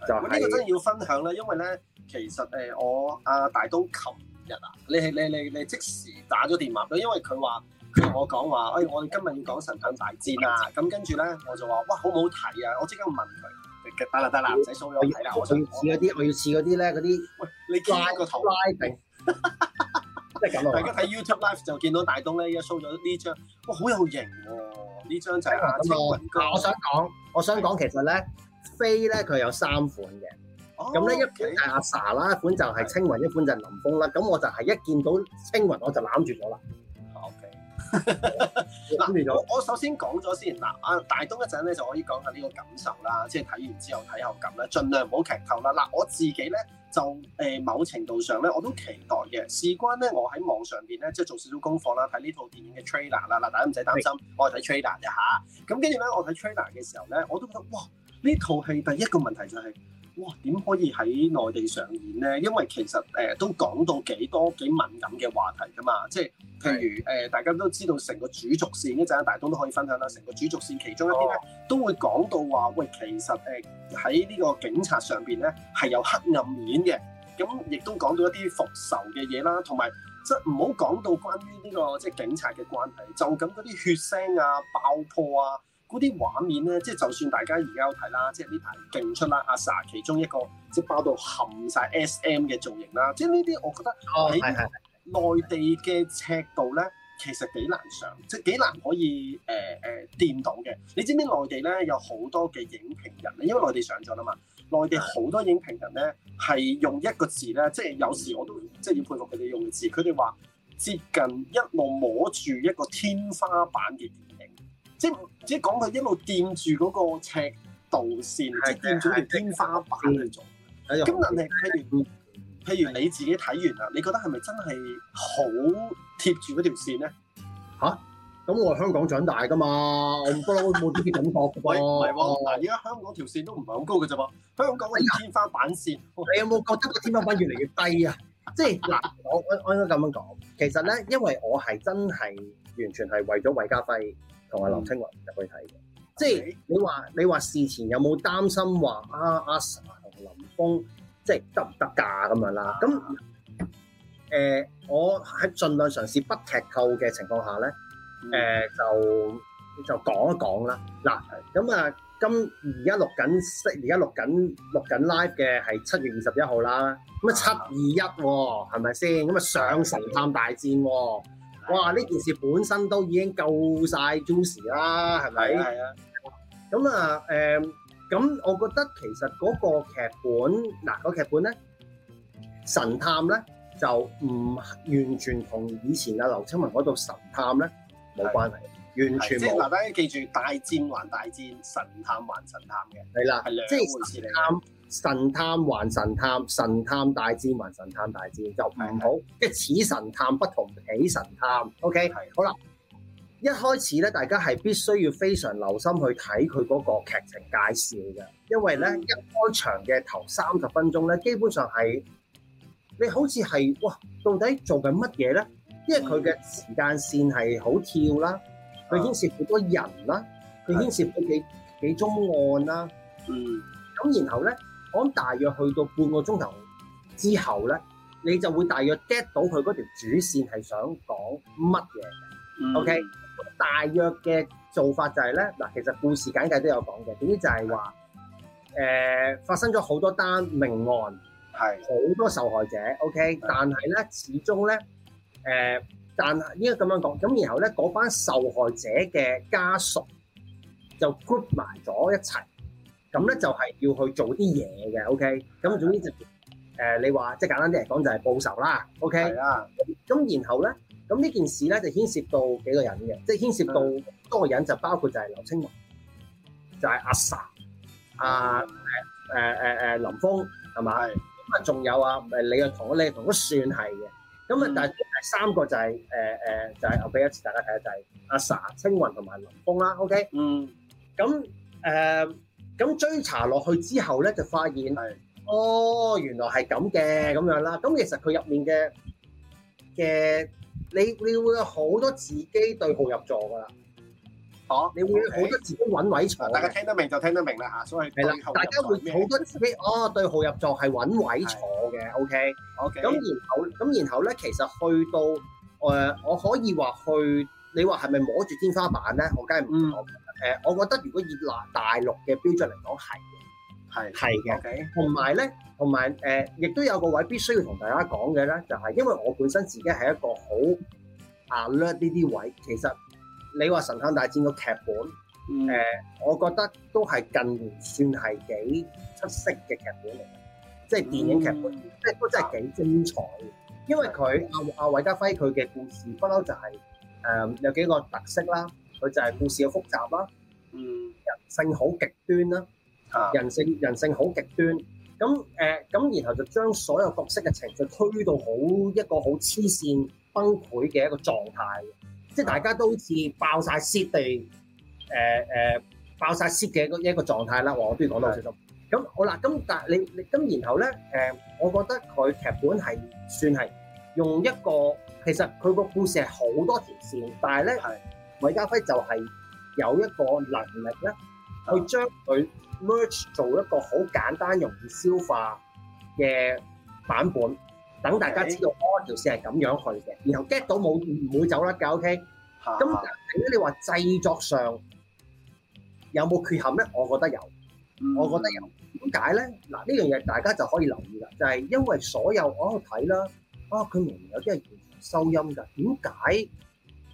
咁、就、呢、是、個真係要分享啦，因為咧其實誒我阿大都琴日啊，天你係你係你，你，你即時打咗電話，因為佢話佢同我講話，誒、哎、我哋今日要講神探大戰啊。咁跟住咧我就話哇好唔好睇啊？我即刻問佢，得啦得啦，唔使蘇我睇啦，我想似嗰啲，我要似嗰啲咧嗰啲，喂你拉個頭拉定。 大家睇 YouTube Live 就見到大東咧，而家 show 咗呢張，哇，好有型喎！呢張就係阿青雲哥、嗯、我想講，我想講，想其實咧，的飛咧佢有三款嘅，咁咧一係阿 Sa 啦，一款就係的青雲，一款就係林峰啦。咁的我就係一見到青雲，我就攬住咗啦。嗱， 我我首先講咗先，嗱啊大東一陣咧就可以講下呢個感受啦，即係睇完之後睇後感啦，儘量唔好劇透啦。嗱，我自己咧就誒、呃、某程度上咧我都期待嘅，事關咧我喺網上邊咧即係做少少功課啦，睇呢套電影嘅 trailer 啦。嗱，大家唔使擔心，的我係睇 trailer 嘅吓。咁跟住咧，我睇 trailer 嘅時候咧，我都覺得哇，呢套戲第一個問題就係、是。哇！點可以喺內地上演咧？因為其實誒、呃、都講到幾多幾敏感嘅話題噶嘛，即係譬如誒、呃、大家都知道成個主軸線，一陣阿大東都可以分享啦。成個主軸線其中一啲咧、哦、都會講到話，喂，其實誒喺呢個警察上邊咧係有黑暗面嘅。咁亦都講到一啲復仇嘅嘢啦，同埋即係唔好講到關於呢、這個即係警察嘅關係，就咁嗰啲血腥啊、爆破啊。嗰啲畫面咧，即係就算大家而家有睇啦，即係呢排勁出啦，阿 Sa 其中一個即係包到含晒 SM 嘅造型啦，即係呢啲我覺得喺內地嘅尺度咧，其實幾難上，即係幾難可以誒誒掂到嘅。你知唔知內地咧有好多嘅影評人咧，因為內地上咗啦嘛，內地好多影評人咧係用一個字咧，即係有時我都即係要佩服佢哋用嘅字，佢哋話接近一路摸住一個天花板嘅。即係只講佢一路掂住嗰個尺度線，是的即係掂住條天花板嚟做。咁但、嗯、你譬如的譬如你自己睇完啦，是的你覺得係咪真係好貼住嗰條線咧？吓、啊？咁我係香港長大㗎嘛，我唔不嬲冇呢啲感覺。喂、 哎，唔係喎，嗱，而家香港條線都唔係好高㗎啫噃。香港條天花板線，的 你有冇覺得個天花板越嚟越低啊？ 即係嗱，我我我應該咁樣講，其實咧，因為我係真係完全係為咗韋家輝。同阿劉青雲入去睇嘅，即係、嗯、你話你話事前有冇擔心話啊阿 sa 同林峯即係、就是、得唔得㗎咁樣啦？咁誒、啊呃，我喺盡量嘗試不劇透嘅情況下咧，誒、呃、就就講一講啦。嗱咁啊，今而家錄緊息，而家錄緊錄緊 live 嘅係七月二十一號啦。咁、哦、啊七二一喎，係咪先？咁啊上神探大戰喎、哦，哇！呢件事本身都已經夠曬 juicy 啦，係咪？係啊。咁啊，誒，咁、呃、我覺得其實嗰個劇本，嗱、嗰個劇本咧，神探咧就唔完全同以前阿劉青雲嗰度神探咧冇關係，啊、完全冇、啊。即係嗱，大家記住，大戰還大戰，神探還神探嘅。係啦，係兩回事嚟。啱。神探還神探，神探大戰還，神探大戰就唔、是、好，即係的似神探不同起神探。O K 係好啦，一開始咧，大家係必須要非常留心去睇佢嗰個劇情介紹嘅，因為咧、嗯、一開場嘅頭三十分鐘咧，基本上係你好似係，哇，到底做緊乜嘢咧？因為佢嘅時間線係好跳啦，佢已、嗯、牽涉好多人啦，佢已的牽涉咗幾幾宗案啦，嗯咁，然後咧。我諗大約去到半個鐘頭之後咧，你就會大約 get 到佢嗰條主線係想講乜嘢。嗯、o、okay? K，大約嘅做法就係咧，嗱，其實故事簡介都有講嘅。點知就係、是、話，誒、呃、發生咗好多單命案，好是多受害者。O、okay? K，是但係咧，始終咧、呃，但係應該咁樣講，咁然後咧，嗰班受害者嘅家屬就 group 埋咗一齊。咁咧就係要去做啲嘢嘅，OK？咁總之就誒、呃、你話，即係簡單啲嚟講就係報仇啦，OK？係啦的。咁然後咧，咁呢件事咧就牽涉到幾個人嘅，即係牽涉到多個人就包括就係劉青雲，就係、是、阿 Sa，阿、啊啊啊、林峯，係咪？咁啊仲有啊，唔係李學彤，李學彤都算係嘅。咁啊，但係第三個就係誒誒，就係、是、我俾一次大家睇啊，就係、是、阿 Sa、青雲同埋林峯啦，OK？嗯。咁誒。呃咁追查落去之後咧，就發現，的哦，原來係咁嘅咁樣啦。咁其實佢入面嘅嘅，你你會有好多自己對號入座噶啦。哦、啊，Okay. 你會好多自己揾位坐。大家聽得明就聽得明啦嚇，所以大家會好多自己哦對號入座係揾、 哦、位坐嘅。OK，OK。咁然後咁然後咧，其實去到誒、呃，我可以話去，你話係咪摸住天花板咧？我梗係唔誒、呃，我覺得如果以鬧大陸嘅標準嚟講係嘅，係係嘅。同埋咧，同埋誒，亦 okay?、呃、都有個位必須要同大家講嘅咧，就係、是、因為我本身自己係一個好眼略呢啲位。其實你話《神探大戰》個劇本，誒、嗯呃，我覺得都係近年算係幾出色嘅劇本嚟嘅，即、就、係、是、電影劇本，即係、嗯、都真係幾精彩嘅，因為佢阿阿韋家輝佢嘅故事不嬲就係、是、誒、呃、有幾個特色啦。佢就係故事好複雜啦，人性好極端啦，人性人性好極端咁誒咁，呃、然後就將所有角色嘅情緒推到好一個好黐線崩潰嘅一個狀態，啊、即係大家都好似爆晒 s 地誒誒、呃、爆晒 s 嘅一個一個狀態啦。我都要講多少咁好啦。咁但係你你咁然後咧誒、呃，我覺得佢劇本係算係用一個其實佢個故事係好多條線，但係咧。是韋家輝就係有一個能力咧，去將佢 merge 做一個好簡單、容易消化嘅版本，等大家知道哦，條線係咁樣去嘅，然後 get 到冇唔會走甩嘅，OK。咁如果你話製作上有冇缺陷咧，我覺得有，我覺得有。點解咧？嗱，呢樣嘢大家就可以留意啦，就係因為所有我喺度睇啦，啊，佢明明有啲係完全收音㗎，點解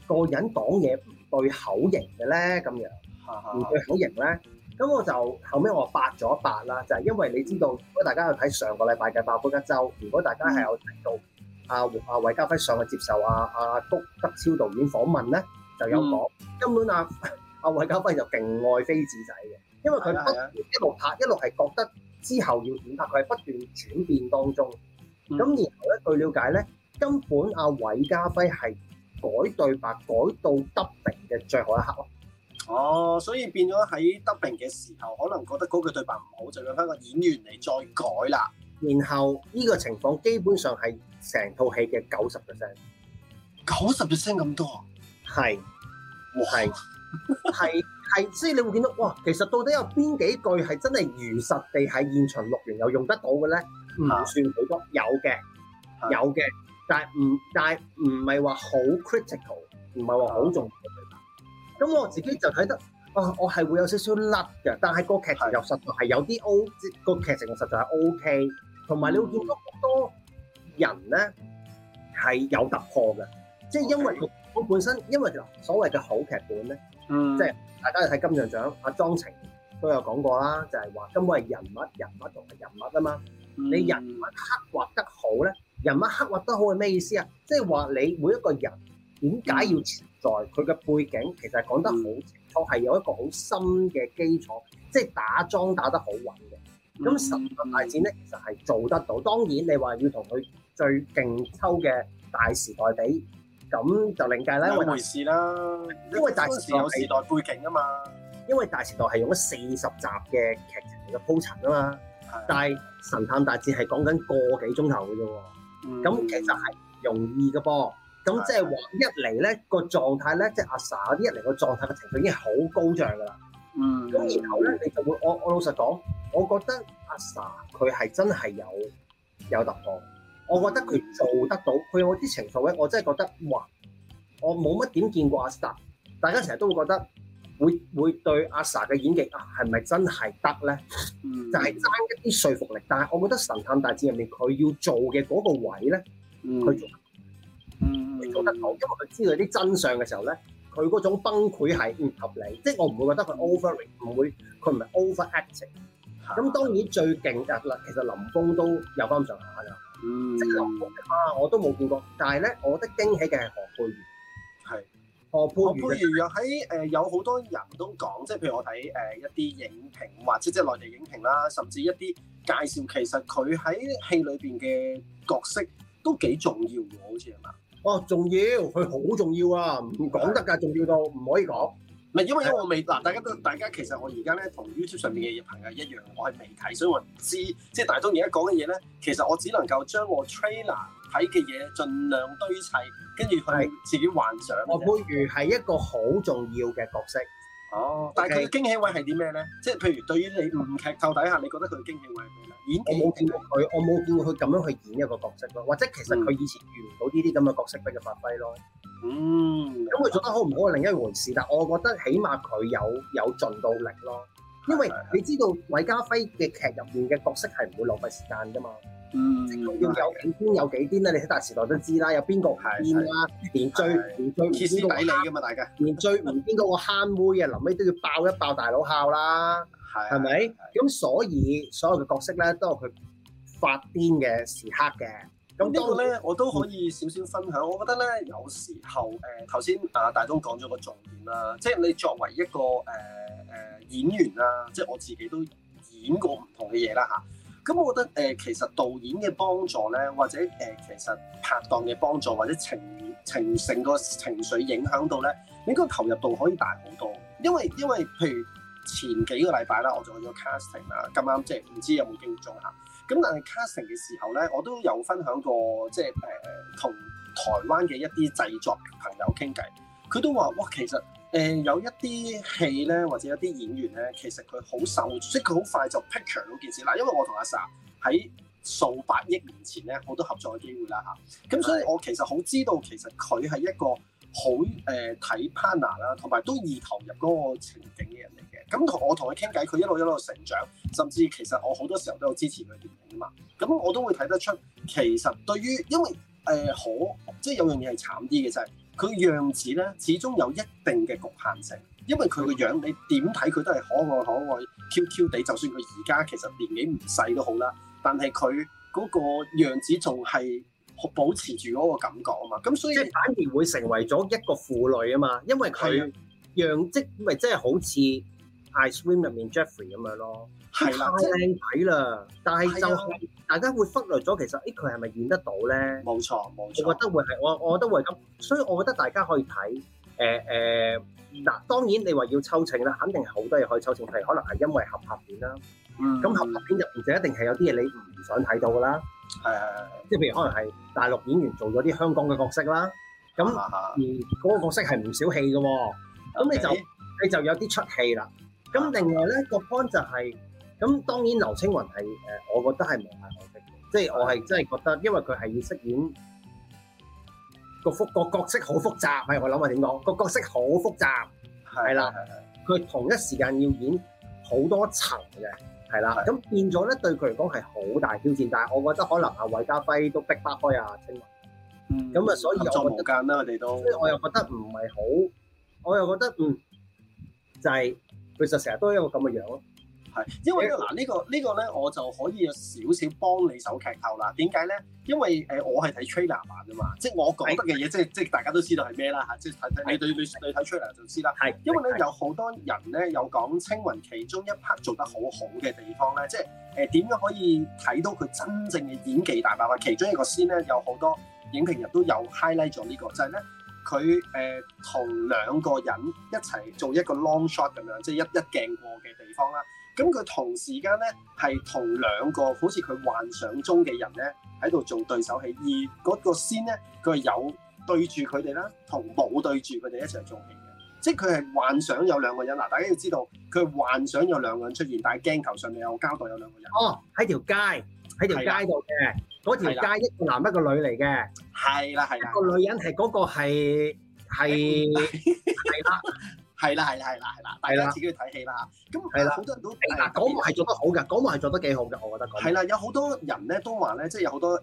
個人講嘢對口型嘅咧，咁樣，唔對口型咧，咁我就後尾我發咗一發啦，就係因為你知道，如果大家去睇上個禮拜嘅爆谷一周，如果大家係有睇到阿阿韋家輝上去接受阿阿谷德超導演訪問咧，就有講根本阿阿韋家輝就勁愛飛紙仔嘅，因為佢不一路拍一路係覺得之後要點拍，佢係不斷轉變當中。咁然後咧，據瞭解咧，根本阿韋家輝係。改對白改到得明嘅最後一刻咯。哦，oh, 所以變咗喺得明嘅時候，可能覺得嗰句對白唔好，就要翻個演員嚟再改啦。然後呢、呢個情況基本上係成套戲嘅九十 percent。九十 percent 咁多？係係係係，即係你會見到哇，其實到底有邊幾句係真係如實地喺現場錄完又用得到嘅咧？唔、mm hmm. 算好多，有嘅是有嘅。但係唔但係唔係話好 critical，唔係話好重要嘅對白。咁我自己就睇得啊、哦，我係會有少少甩嘅，但係個劇情又實在係有啲 O，個劇情實在係 O K。同埋你會見到好多，人咧係有突破嘅，即係因為我本身因為就所謂嘅好劇本咧，即係、嗯、大家去睇金像獎，阿、啊、莊澄都有講過啦，就係、是、話根本係人物、人物同埋人物啊嘛，你人物刻畫得好咧。人物刻畫得好係咩意思啊？即係話你每一個人點解要存在？佢嘅背景其實講得好清楚，係有一個好深嘅基礎，嗯、即係打樁打得好穩嘅。咁、嗯、神探大戰咧，其實係做得到。當然你話要同佢最勁抽嘅大時代比，咁就另計啦。一回事啦，因為大時代有時代背景啊嘛。因為大時代係用咗四十集嘅劇情嚟嘅鋪陳啊嘛，的但係神探大戰係講緊個幾鐘頭嘅啫喎。咁、嗯、其實係容易嘅噃，咁即係話一嚟咧個狀態咧，即係阿 Sa 啲一嚟個狀態嘅情緒已經好高漲噶啦。嗯，咁然後咧你就會，我我老實講，我覺得阿 Sa 佢係真係有有突破，我覺得佢做得到，佢有啲情緒咧，我真係覺得哇，我冇乜點見過阿 Sa，大家成日都會覺得，會會對阿 Sa 嘅演技啊，係咪真係得咧？嗯、就係爭一啲說服力，但係我覺得《神探大戰》入面佢要做嘅嗰個位咧，佢做、嗯，嗯嗯做得好，嗯嗯、因為佢知道啲真相嘅時候咧，佢嗰種崩潰係唔合理，即、就、係、是、我唔會覺得佢 overing，唔會佢唔係 overacting。咁 over、啊、當然最勁啊，其實林峯都有翻上下㗎，即係林峯，啊我都冇見過，但係咧我覺得驚喜嘅係何佩儀，何不如又喺誒有好多人都講，即係譬如我睇誒、呃、一啲影評，或者即係內地影評啦，甚至一啲介紹，其實佢喺戲裏邊嘅角色都幾重要嘅，好似係嘛？哦，oh，重要，佢好重要啊！唔講得㗎，的重要到唔可以講。唔係因為因為我未嗱，的大家都大家其實我而家咧同 YouTube 上面嘅朋友一樣，我係未睇，所以我唔知道。即係大東而家講嘅嘢咧，其實我只能夠將我 trailer。睇嘅嘢盡量堆砌，跟住佢係自己幻想。我佩如係一個好重要嘅角色。哦，但係佢嘅驚喜位係點咩咧？即係、嗯、譬如對於你唔劇透底下，你覺得佢嘅驚喜位係咩咧？演，我冇見過佢，嗯、我冇見過佢咁樣去演一個角色咯。或者其實佢以前遇唔到呢啲咁嘅角色俾佢發揮咯。嗯，咁佢做得好唔好係另一回事，但我覺得起碼佢有有盡到力咯。因為你知道韋家輝嘅劇入面嘅角色係唔會浪費時間㗎嘛。嗯，要有幾癲有幾癲咧？你喺是的 大，大時代》都知啦，有邊個係？連啊，連最連最唔掂嗰個，黐線抵你噶嘛？大家連最唔掂嗰個慳妹啊，臨尾都要爆一爆大佬喊啦，係咪？咁所以所有嘅角色咧，都係佢發癲嘅時刻嘅。咁呢個咧，我都可以少少分享。嗯、我覺得咧，有時候誒，頭先啊大東講咗個重點啦，即、就、係、是、你作為一個誒誒、呃呃、演員啦，即、就、係、是、我自己都演過唔同嘅嘢啦嚇。啊咁我覺得誒、呃，其實導演嘅幫助咧，或者誒、呃，其實拍檔嘅幫助，或者情情性個情緒影響到咧，應該投入度可以大好多。因為因為譬如前幾個禮拜啦，我就去咗 casting 啦，咁啱即係唔知有冇機會中吓。咁但係 casting 嘅時候咧，我都有分享過，即係誒同台灣嘅一啲製作朋友傾偈，佢都話哇，其實。誒、呃、有一啲戲咧，或者一啲演員咧，其實佢好受，即係佢好快就 picture 嗰件事。嗱，因為我同阿 Sa 喺數百億年前咧，好多合作嘅機會啦嚇。咁、啊、所以，我其實好知道，其實佢係一個好誒睇 partner 啦，同、呃、埋、啊、都易投入嗰個情景嘅人嚟嘅。咁、啊、同我同佢傾偈，佢一路一路成長，甚至其實我好多時候都有支持佢電影啊嘛。咁、啊、我都會睇得出，其實對於因為誒好、呃，即係有樣嘢係慘啲嘅，就係、是。佢樣子咧，始終有一定嘅局限性，因為佢個樣你點睇佢都係可愛可愛、Q Q 地，就算佢而家其實年紀唔細都好啦，但係佢嗰個樣子仲係保持住嗰個感覺啊嘛，咁所以即反而會成為咗一個負累啊嘛，因為佢樣即咪即係好似《Ice Cream》入面 Jeffrey 咁樣咯。係啦，即係靚仔啦，但係就係大家會忽略咗，其實誒佢係咪演得到咧？冇錯，冇錯。我覺得會係我，我覺得會咁，所以我覺得大家可以睇誒誒嗱，當然你話要抽秤啦，肯定好多嘢可以抽秤，譬如可能係因為合拍片啦，咁、嗯、合拍片入邊就一定係有啲嘢你唔想睇到㗎啦。係、嗯、即係譬如可能係大陸演員做咗啲香港嘅角色啦，咁而嗰個角色係唔少戲㗎喎，咁你就 Okay. 你就有啲出戲啦。咁另外咧，個 point 就係。咁當然劉青雲係誒，我覺得係冇辦法解釋嘅，即係我係真係覺得，因為佢係要飾演個複個角色好複雜，係我諗下點講，個角色好複雜，係啦，佢同一時間要演好多層嘅，係啦，咁變咗咧對佢嚟講係好大挑戰，但係我覺得可能阿韋家輝都逼不開阿青雲，咁啊，所以我覺得間啦，我哋都，所以我又覺得唔係好，我又覺得嗯，就係佢其實成日都一個咁嘅樣咯。係，因為嗱呢個呢個咧，我就可以有少少幫你手劇透啦。點解咧？因為誒、呃，我係睇 trailer 版啊嘛，即係我講得嘅嘢 Hey.，即係即係大家都知道係咩啦嚇。Hey. 即係睇睇你對 Hey. 你對你睇 trailer 就知啦。係，Hey. 因為咧 Hey. 有好多人咧有講青雲其中一 part 做得好好嘅地方咧，即係誒點樣可以睇到佢真正嘅演技大爆發。其中一個先咧，有好多影評人都有 highlight 咗呢個，就係咧佢誒同兩個人一齊做一個 long shot 咁樣，即係一一鏡過嘅地方啦。咁佢同時間咧，係同兩個好似佢幻想中嘅人咧，喺度做對手戲。而嗰個仙咧，佢係有對住佢哋啦，同冇對住佢哋一齊做戲嘅。即係佢係幻想有兩個人。嗱，大家要知道，佢幻想有兩個人出現，但係鏡頭上面有交代有兩個人。哦，喺條街，喺條街度嘅嗰條街一個男一個女嚟嘅。係啦，係啦。個女人係嗰個係係係啦。 係啦，係啦，係啦，係啦，係啦，自己去睇戲啦。咁係啦，好多人都嗱，講話係做得好嘅，講話係做得幾好嘅，我覺得。係啦，有好多人咧都話咧，即係有好多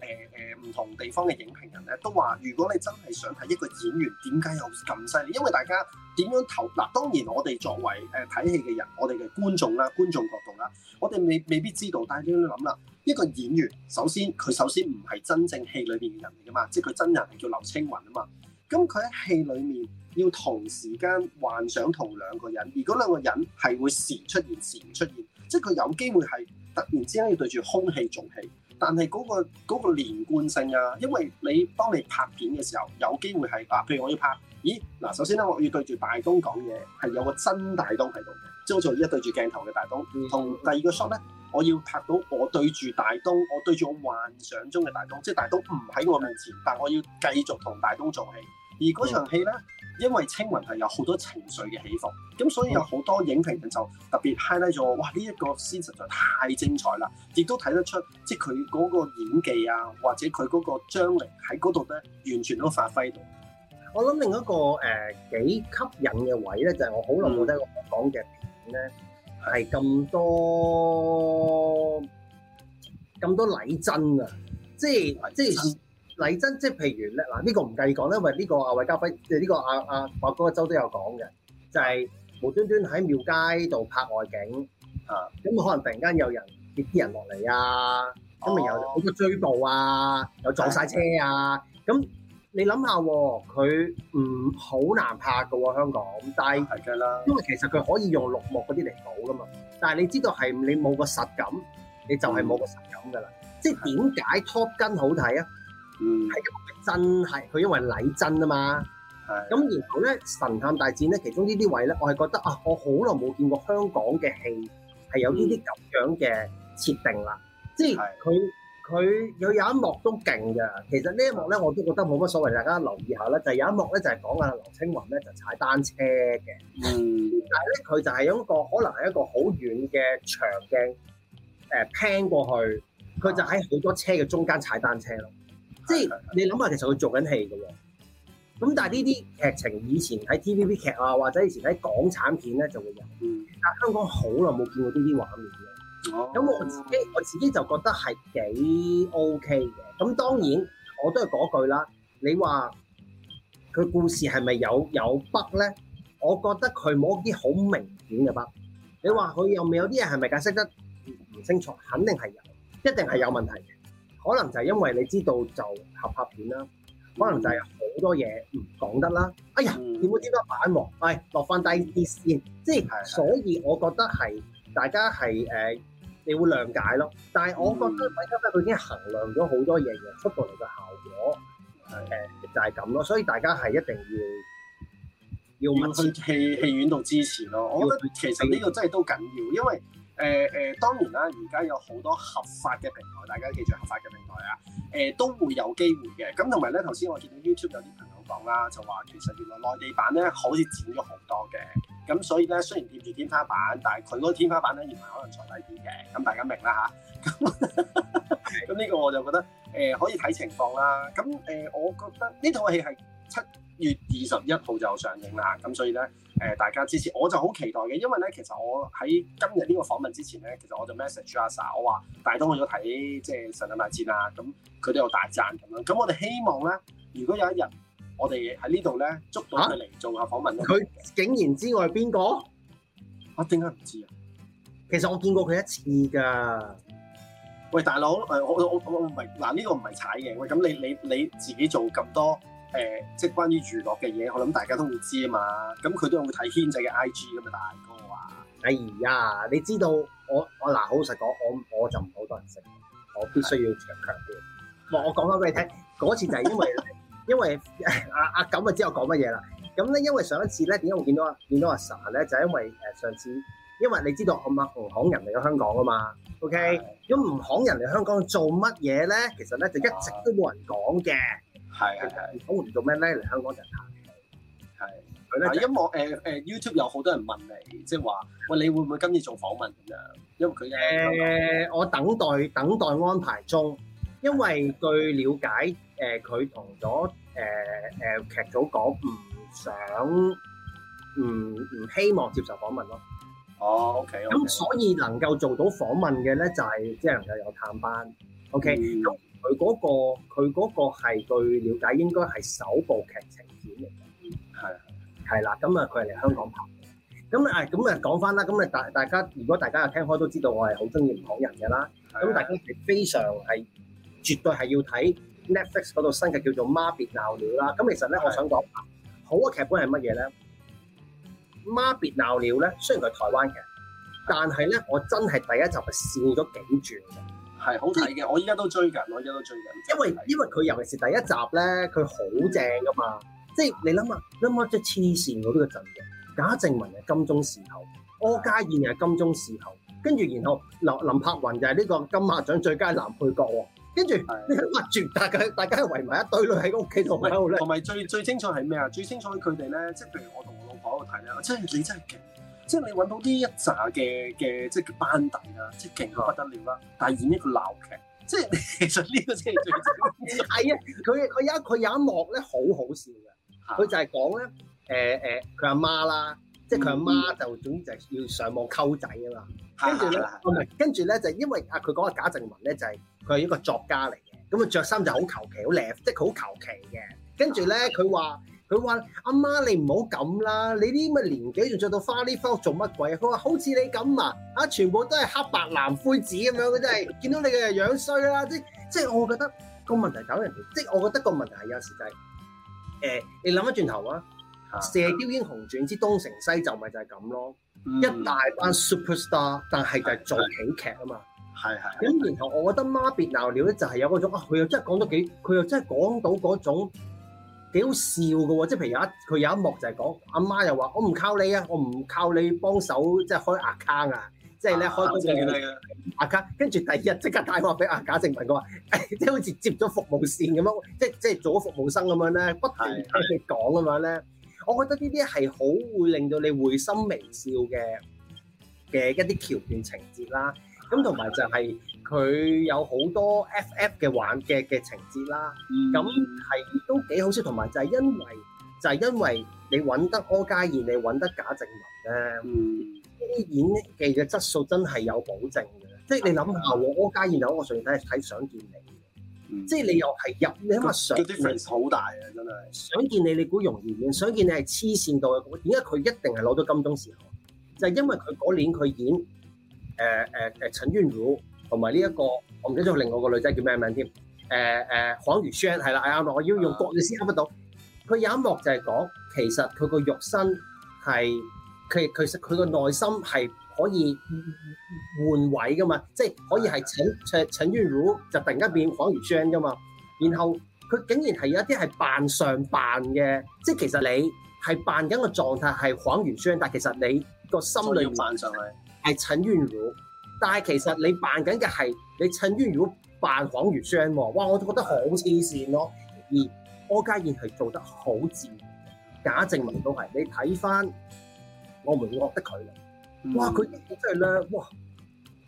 誒誒唔同地方嘅影評人咧都話，如果你真係想睇一個演員點解又咁犀利？因為大家點樣投嗱？當然我哋作為誒睇戲嘅人，我哋嘅觀眾啦，觀眾角度啦，我哋未未必知道。但係你要諗啦，一個演員首先佢首先唔係真正戲裏邊嘅人嚟噶嘛，即係佢真人係叫劉青雲啊嘛。咁佢喺戲裏面要同時間幻想同兩個人，而嗰兩個人係會時出現時唔出現，即係佢有機會係突然之間要對住空氣做戲。但係嗰個嗰個連貫性啊，因為你當你拍片嘅時候，有機會係嗱，啊，譬如我要拍，咦嗱，首先咧我要對住大東講嘢，係有個真大東喺度嘅，即係好似我而家對住鏡頭嘅大東。同第二個 shot 咧，我要拍到我對住大東，我對住我幻想中嘅大東，即係大東唔喺我面前，的但我要繼續同大東做戲。而嗰場戲咧，嗯、因為青雲係有好多情緒嘅起伏，咁所以有好多影評人就特別 highlight 咗，哇！呢、這、一個先實在太精彩啦，亦都睇得出，即係佢嗰個演技啊，或者佢嗰個張力喺嗰度咧，完全都發揮到的。我諗另一個誒幾、呃、吸引嘅位咧，就係、是、我好耐冇睇過香港嘅片咧，係咁的多咁多禮真啊，即係即係。黎真即係譬如咧嗱，呢、這個唔計講啦，因為呢個阿韋家輝即係呢個阿阿我哥個周都有講嘅，就係、是、無端端喺廟街度拍外景啊，咁可能突然間有人跌啲人落嚟啊，咁咪、哦、有好多追捕啊，嗯、有撞晒車啊，咁、嗯、你諗下喎、啊，佢唔好難拍噶喎、啊、香港，但係因為其實佢可以用綠幕嗰啲嚟補噶嘛，但係你知道係你冇個實感，你就係冇個實感噶啦。嗯、即係點解 top Gun 好睇啊？喺個陣係佢因為禮真啊嘛，咁的然後咧《神探大戰》咧，其中這些置呢啲位咧，我係覺得啊，我好耐冇見過香港嘅戲係有呢啲咁樣嘅設定啦。的即係佢佢有有一幕都勁㗎，其實呢一幕咧我都覺得冇乜所謂，大家留意下咧，就是、有一幕咧就係講啊劉青雲咧就踩單車嘅，嗯、但係咧佢就係用一個可能係一個好遠嘅長鏡誒 pan、呃、過去，佢就喺好多車嘅中間踩單車咯。即係、就是、你諗下，其實佢做緊戲㗎喎。咁但係呢啲劇情，以前睇 TVB 劇啊，或者以前睇港產片咧，就會有。嗯。但香港好耐冇見過呢啲畫面。嘅。咁我自己我自己就覺得係幾 OK 嘅。咁當然我都係嗰句啦。你話佢故事係咪有有筆咧？我覺得佢冇一啲好明顯嘅筆。你話佢有冇有啲嘢係咪解釋得唔清楚？肯定係有，一定係有問題。可能就係因為你知道就合拍片啦，嗯、可能就係好多嘢唔講得啦。嗯、哎呀，點會點解版喎？係、哎、落翻第二碟先，即、就、係、是、是所以我覺得係大家係誒、呃，你會諒解咯。但係我覺得韋家輝佢已經衡量咗好多嘢嘅出到嚟嘅效果誒、呃，就係、是、咁咯。所以大家係一定要要密切戲戲院度支持咯。我覺得其實呢個真係都緊要，因為。誒誒、呃呃，當然啦，而家有好多合法嘅平台，大家記住合法嘅平台啊！誒、呃、都會有機會嘅。咁同埋咧，頭先我見到 YouTube 有啲朋友講啦，就話其實原來內地版咧好似剪咗好多嘅。咁所以咧，雖然貼住天花板，但係佢嗰個天花板咧原來可能坐低啲嘅。咁大家明啦嚇。咁咁呢個我就覺得誒、呃、可以睇情況啦。咁誒、呃，我覺得呢套戲係七月二十一號就上映啦。咁所以咧。誒大家支持，我就好期待嘅，因為咧其實我喺今日呢個訪問之前咧，其實我就 message 阿 Sa，我話大東去咗睇即係神探大戰啊，咁佢都有大讚咁樣，咁我哋希望咧，如果有一日我哋喺呢度咧捉到佢嚟做下訪問佢、啊、竟然知我係邊個？我點解唔知啊？知其實我見過佢一次㗎、啊這個。喂，大佬誒，我我我唔係嗱呢個唔係踩嘅。喂，咁你你你自己做咁多？誒，即係關於娛樂嘅嘢，我諗大家都會知啊嘛。咁佢都會睇軒仔嘅 IG 咁啊，大哥啊！哎呀，你知道我我嗱好實講，我我就唔好多人識，我必須要強強調。是的 我講翻俾你聽，嗰次就係因為因為阿阿錦啊知我講乜嘢啦。咁、啊、咧、啊啊，因為上一次咧，點解我見到見到阿 Sa 咧，就係、是、因為上次，因為你知道阿麥唔行人嚟咗香港啊嘛。OK，咁唔行人嚟香港做乜嘢咧？其實咧就一直都冇人講嘅。係係，我換唔做咩咧嚟香港人睇。係佢咧，因為誒誒 YouTube 有好多人問你，即係話喂，你會唔會今次做訪問啊？因為佢，誒我等待等待安排中，因為據了解誒佢同咗誒誒劇組講唔想唔唔希望接受訪問咯。哦，OK OK。咁所以能夠做到訪問嘅咧，就係即係能夠有探班。OK。佢嗰個佢嗰個係據瞭解應該係首部劇情片嚟嘅，係係啦，咁啊佢係嚟香港拍嘅，咁啊咁啊講翻啦，咁啊大大家如果大家有聽開都知道我係好中意港人嘅啦，咁大家係非常係絕對係要睇 Netflix 嗰度新嘅叫做《媽別鬧了》啦，咁其實咧我想講好嘅劇本係乜嘢咧，《媽別鬧了》咧雖然佢係台灣嘅，但係咧我真係第一集係笑咗幾轉嘅。係好睇嘅，我依家都追緊，我依家都追緊，因為因為佢尤其是第一集咧，佢好正噶嘛，即係你諗下，諗下即係黐線呢個陣容，賈靜雯係金鐘視後，柯佳嬿又係金鐘視後，跟住然後林林柏宏就係呢個金馬獎最佳男配角，跟住，跟住大家大家圍埋一堆女喺個屋企度，同埋最最精彩係咩啊？最精彩佢哋咧，即係譬如我同我老婆喺度睇咧，真係真係。即係你揾到呢一扎嘅嘅，即係叫班底啦，即係勁到不得了啦。但係演一個鬧劇，即係、就是、 其實呢個先係最正。 係啊，佢佢而家佢有一幕咧，好好笑嘅。佢、啊、就係講咧，誒、呃、誒，佢、呃、阿媽啦，即係佢阿媽就總之就係要上網溝仔啊嘛。是啊跟住咧，啊、跟住咧，就因為啊，佢講阿賈靜文咧，就係佢係一個作家嚟嘅。咁、就是、啊，着衫就好求其，好靚，即係佢好求其嘅。跟住咧，佢話。佢話：阿媽，媽，你唔好咁啦，你啲咁嘅年紀仲着到花裏服做乜鬼說好像你這樣啊？佢話：好似你咁啊，嚇全部都係黑白藍灰子咁樣，真係見到你嘅樣衰啦！即即我覺得個問題搞人哋，即我覺得個問題係有時就係、是、誒、欸，你諗一轉頭啊，《射雕英雄傳》之《東成西就》咪就係咁咯，嗯、一大班 super star、嗯、但係就係做喜劇啊嘛，係係。咁然後我覺得《媽別鬧了》咧，就係有嗰種啊，佢又真係講到幾，佢又真係講到嗰種。幾好笑㗎喎，即係譬如有一佢有一幕就係講阿媽又話：我唔靠你啊，我唔靠你幫手即係開 account 啊，即係咧開個 account。跟住、啊就是啊、第二日即刻帶我俾阿賈靜雯，佢話、哎：即係好似接咗服務線咁樣，即係即係做咗服務生咁樣咧，不停跟你講咁樣咧。是我覺得呢啲係好會令到你會心微笑嘅嘅一啲橋段情節啦，咁同埋就係、是。是佢有好多 F/F 嘅玩嘅嘅情節啦，咁係、mm hmm. 都幾好笑。同埋就係因為就係、是、因為你揾得柯佳嬿，你揾得賈靜雯咧，呢啲、mm hmm. 演技嘅質素真係有保證嘅。的即係你諗下，我柯佳嬿有我上位睇係睇想見你、mm hmm. 即係你又係入你起碼想。嗰啲好大嘅真係想見你，你估容易唔？想見你係黐線到嘅。點解佢一定係攞到金鐘視后？就係、是、因為佢嗰年佢演誒誒誒陳韻如。同埋呢一個，我唔記得咗另外個女仔叫咩名添？誒、呃、誒，仿、呃、如霜係啦，係啊，我要用國語先諗得到。佢有一幕就係講，其實佢個肉身係，其其實佢個內心係可以換位噶嘛，即係可以係陳卓的陳玉如就突然間變仿如霜噶嘛。然後佢竟然係有啲係扮上扮嘅，即係其實你係扮緊個狀態係仿如霜，但係其實你個心裏面係陳冤如。但係其實你扮緊嘅係你趁於如果扮恍如霜喎，哇！我就覺得好黐線咯。而柯嘉燕係做得好自然，假證明都係。你睇翻，我們惡得佢，哇！佢真係咧，哇！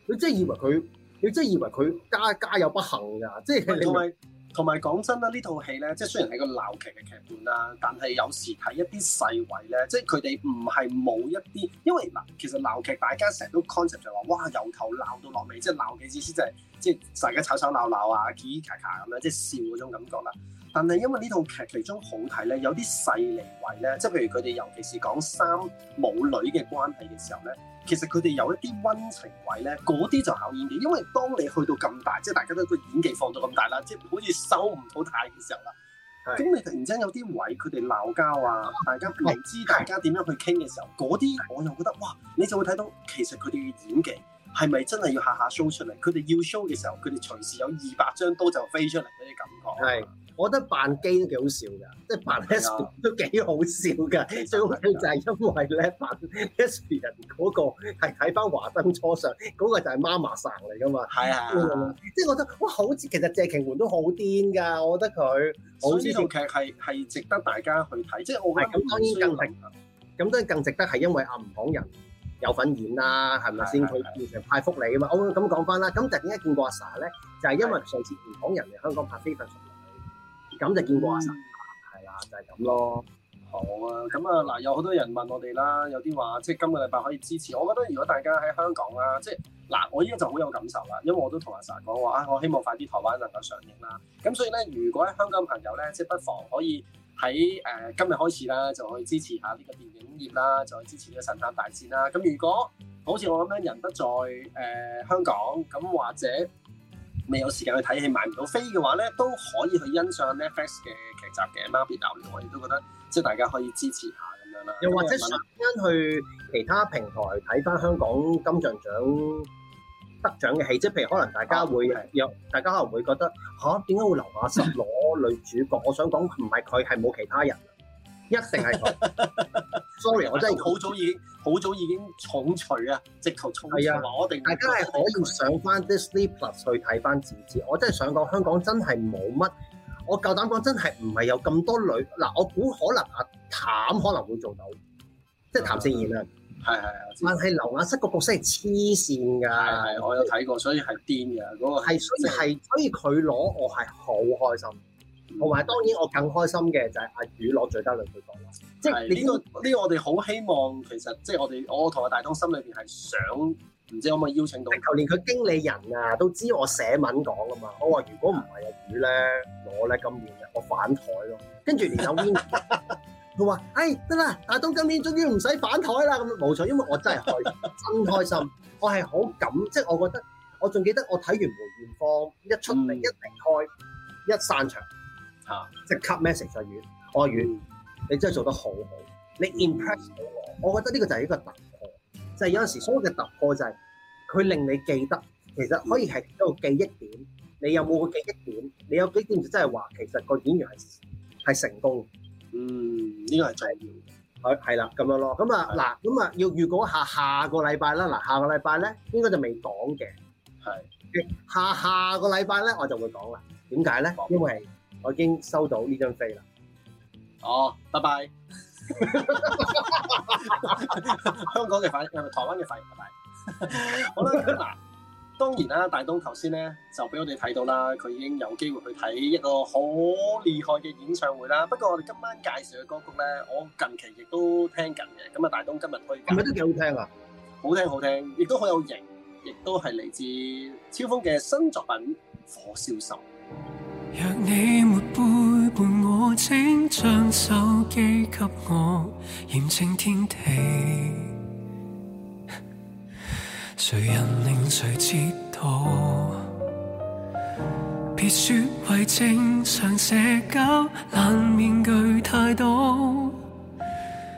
你真係以為佢，你真係以為佢家家有不幸㗎，即係你咪。同埋講真啦，呢套戲咧，即係雖然係個鬧劇嘅劇本啦，但係有時睇一啲細位咧，即係佢哋唔係冇一啲，因為嗱，其實鬧劇大家成日都 concept 就話，哇，由頭鬧到落尾，即係鬧劇意思就係即係大家吵吵鬧鬧啊，嘻嘻咔咔咁樣，即係笑嗰種感覺啦。但係因為呢套劇其中好睇咧，有啲細釐位咧，即係譬如佢哋尤其是講三母女嘅關係嘅時候咧。其實佢哋有一啲溫情位咧，嗰啲就考演技。因為當你去到咁大，即係大家都個演技放到咁大啦，即係好似收唔到態嘅時候啦，咁是你突然之間有啲位佢哋鬧交啊，大家明知大家點樣去傾嘅時候，嗰啲、哦、我又覺得是哇，你就會睇到其實佢哋嘅演技係咪真係要下下 show 出嚟？佢哋要 show 嘅時候，佢哋隨時有二百張刀就飛出嚟嗰啲感覺。我覺得扮機都幾好笑㗎，即係扮 Leslie 都幾好笑㗎。最尾的就係因為咧扮 Leslie 人嗰個係睇翻華燈初上嗰，那個就係媽媽生嚟㗎嘛，係啊，即係我覺得哇，好似其實謝瓊煖都好癲㗎。我覺得佢所以套劇係係值得大家去睇，即係我覺得咁當然更值咁當然更值得係因為阿吳慷仁有份演啦，啊，係咪先？佢變成派福利嘛。我會咁講翻啦。咁突然間見過阿 Sa 咧，就係、是、因為上次吳慷仁嚟香港拍非分。咁就見過阿、啊、Sa 係啦，就係咁咯。嗯、好啊，咁啊嗱，有好多人問我哋啦，有啲話即係今個禮拜可以支持。我覺得如果大家喺香港啦、啊，即係嗱，我已經就好有感受啦，因為我都同阿 Sa 講話，我希望快啲台灣能夠上映啦。咁所以咧，如果喺香港朋友咧，即係不妨可以喺、呃、今日開始啦，就可以支持下呢個電影業啦，就可以支持呢個《神探大戰》啦。咁如果好似我咁樣人不在、呃、香港，咁或者。未有時間去睇戲，買唔到飛嘅話咧，都可以去欣賞 Netflix 嘅劇集嘅。媽 b 留了，我亦都覺得即大家可以支持一下咁樣啦。又或者想欣去其他平台睇翻香港金像獎得獎嘅戲，即係譬如可能大家會有，啊、大家可能會覺得吓，點、啊、解會劉雅瑟攞女主角？ 我想講唔係佢係冇其他人。 一定係 ，sorry，我真係好早已經，好早已經重除啊，直頭重除。係啊，我哋大家係可以上翻啲 Disney Plus 去睇翻字字。我真係想講香港真係冇乜，我夠膽講真係唔係有咁多女嗱，我估可能阿譚可能會做到，即係談善言啊。啊，但係劉亞瑟個角色係黐線㗎。我有睇過，所以係，所以係癲㗎。所以佢攞我係好開心。同埋，嗯、當然我更開心嘅就係阿宇攞最佳女配角啦。即係呢個呢，我哋好希望，其實即係我哋我同阿大東心裏面係想，唔知可唔可以邀請到我。但係頭年佢經理人啊都知我寫文講啊嘛。我話如果唔係阿宇咧攞咧今年嘅我反台咯，跟住連周邊佢話：哎得啦，但東到今年終於唔使反台啦。咁冇錯，因為我真係開 真開心，我係好感，即、就、係、是、我覺得我仲記得我睇完梅豔芳一出嚟、嗯、一離開一散場。嚇，即 cut message 啊，遠，我話、嗯、你真係做得好好，你 impress 到我，我覺得呢個就係一個突破，就係、是、有陣時所謂嘅突破就係佢令你記得，其實可以係一個記憶點，你有冇個記憶點？你有幾點就真係話其實個演員係係成功的？嗯，呢個係重要，係係啦，咁樣咯，咁的啊嗱，咁啊要預告下下個禮拜啦，嗱下個禮拜咧應該就未講嘅，係的下下個禮拜咧我就會講啦，點解咧？因為我已經收到呢張飛啦！哦，拜拜！ 香港嘅飛係咪台灣嘅飛？拜拜！ 好啦，嗱，當然啦，大東頭先咧就俾我哋睇到啦，佢已經有機會去睇一個好厲害嘅演唱會啦。不過我哋今晚介紹嘅歌曲咧，我近期亦都聽緊嘅。咁啊，大東今日推介，係咪都幾好聽啊？好聽好聽，亦都好有型，亦都係嚟自超風嘅新作品《火燒心》。若你沒背叛我，請將手機給我，驗證天地。誰人令誰折墮？別說為正常社交，冷面具太多，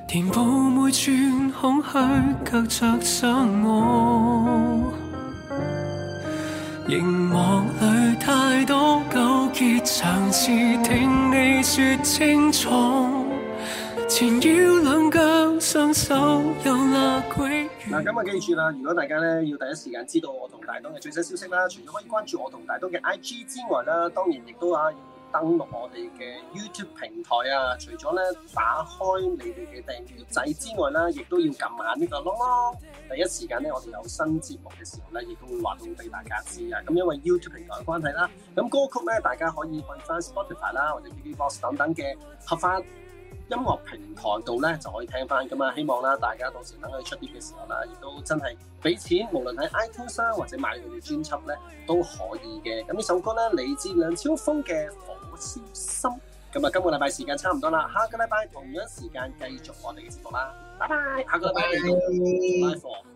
填補每寸空虛，隔着雙眸。熒幕裏太多糾結。嘗試聽你說清楚。纏繞兩腳，雙手又哪歸？嗱，咁啊，記住啦！如果大家呢要第一時間知道我同大東嘅最新消息啦，除咗可以關注我同大東嘅 IG 之外啦，當然亦都啊。登錄我哋嘅 YouTube 平台啊，除咗咧打開你哋嘅訂閱掣之外啦，亦都要撳下呢個窿咯。第一時間咧，我哋有新節目嘅時候咧，亦都會話到俾大家知啊。咁因為 YouTube 平台嘅關係啦，咁歌曲咧大家可以揾翻 Spotify 啦，或者 Beatbox 等等嘅合翻。音樂平台度咧就可以聽翻咁啊！希望啦，大家到時等佢出碟嘅時候啦，亦都真係俾錢，無論喺 iTunes 或者買佢哋專輯咧都可以嘅。咁呢首歌咧嚟自梁超峰嘅《火燒心》。咁啊，今個禮拜時間差唔多啦，下個禮拜同樣時間繼續我哋嘅節目啦，拜拜 Bye。下個禮拜見。Bye.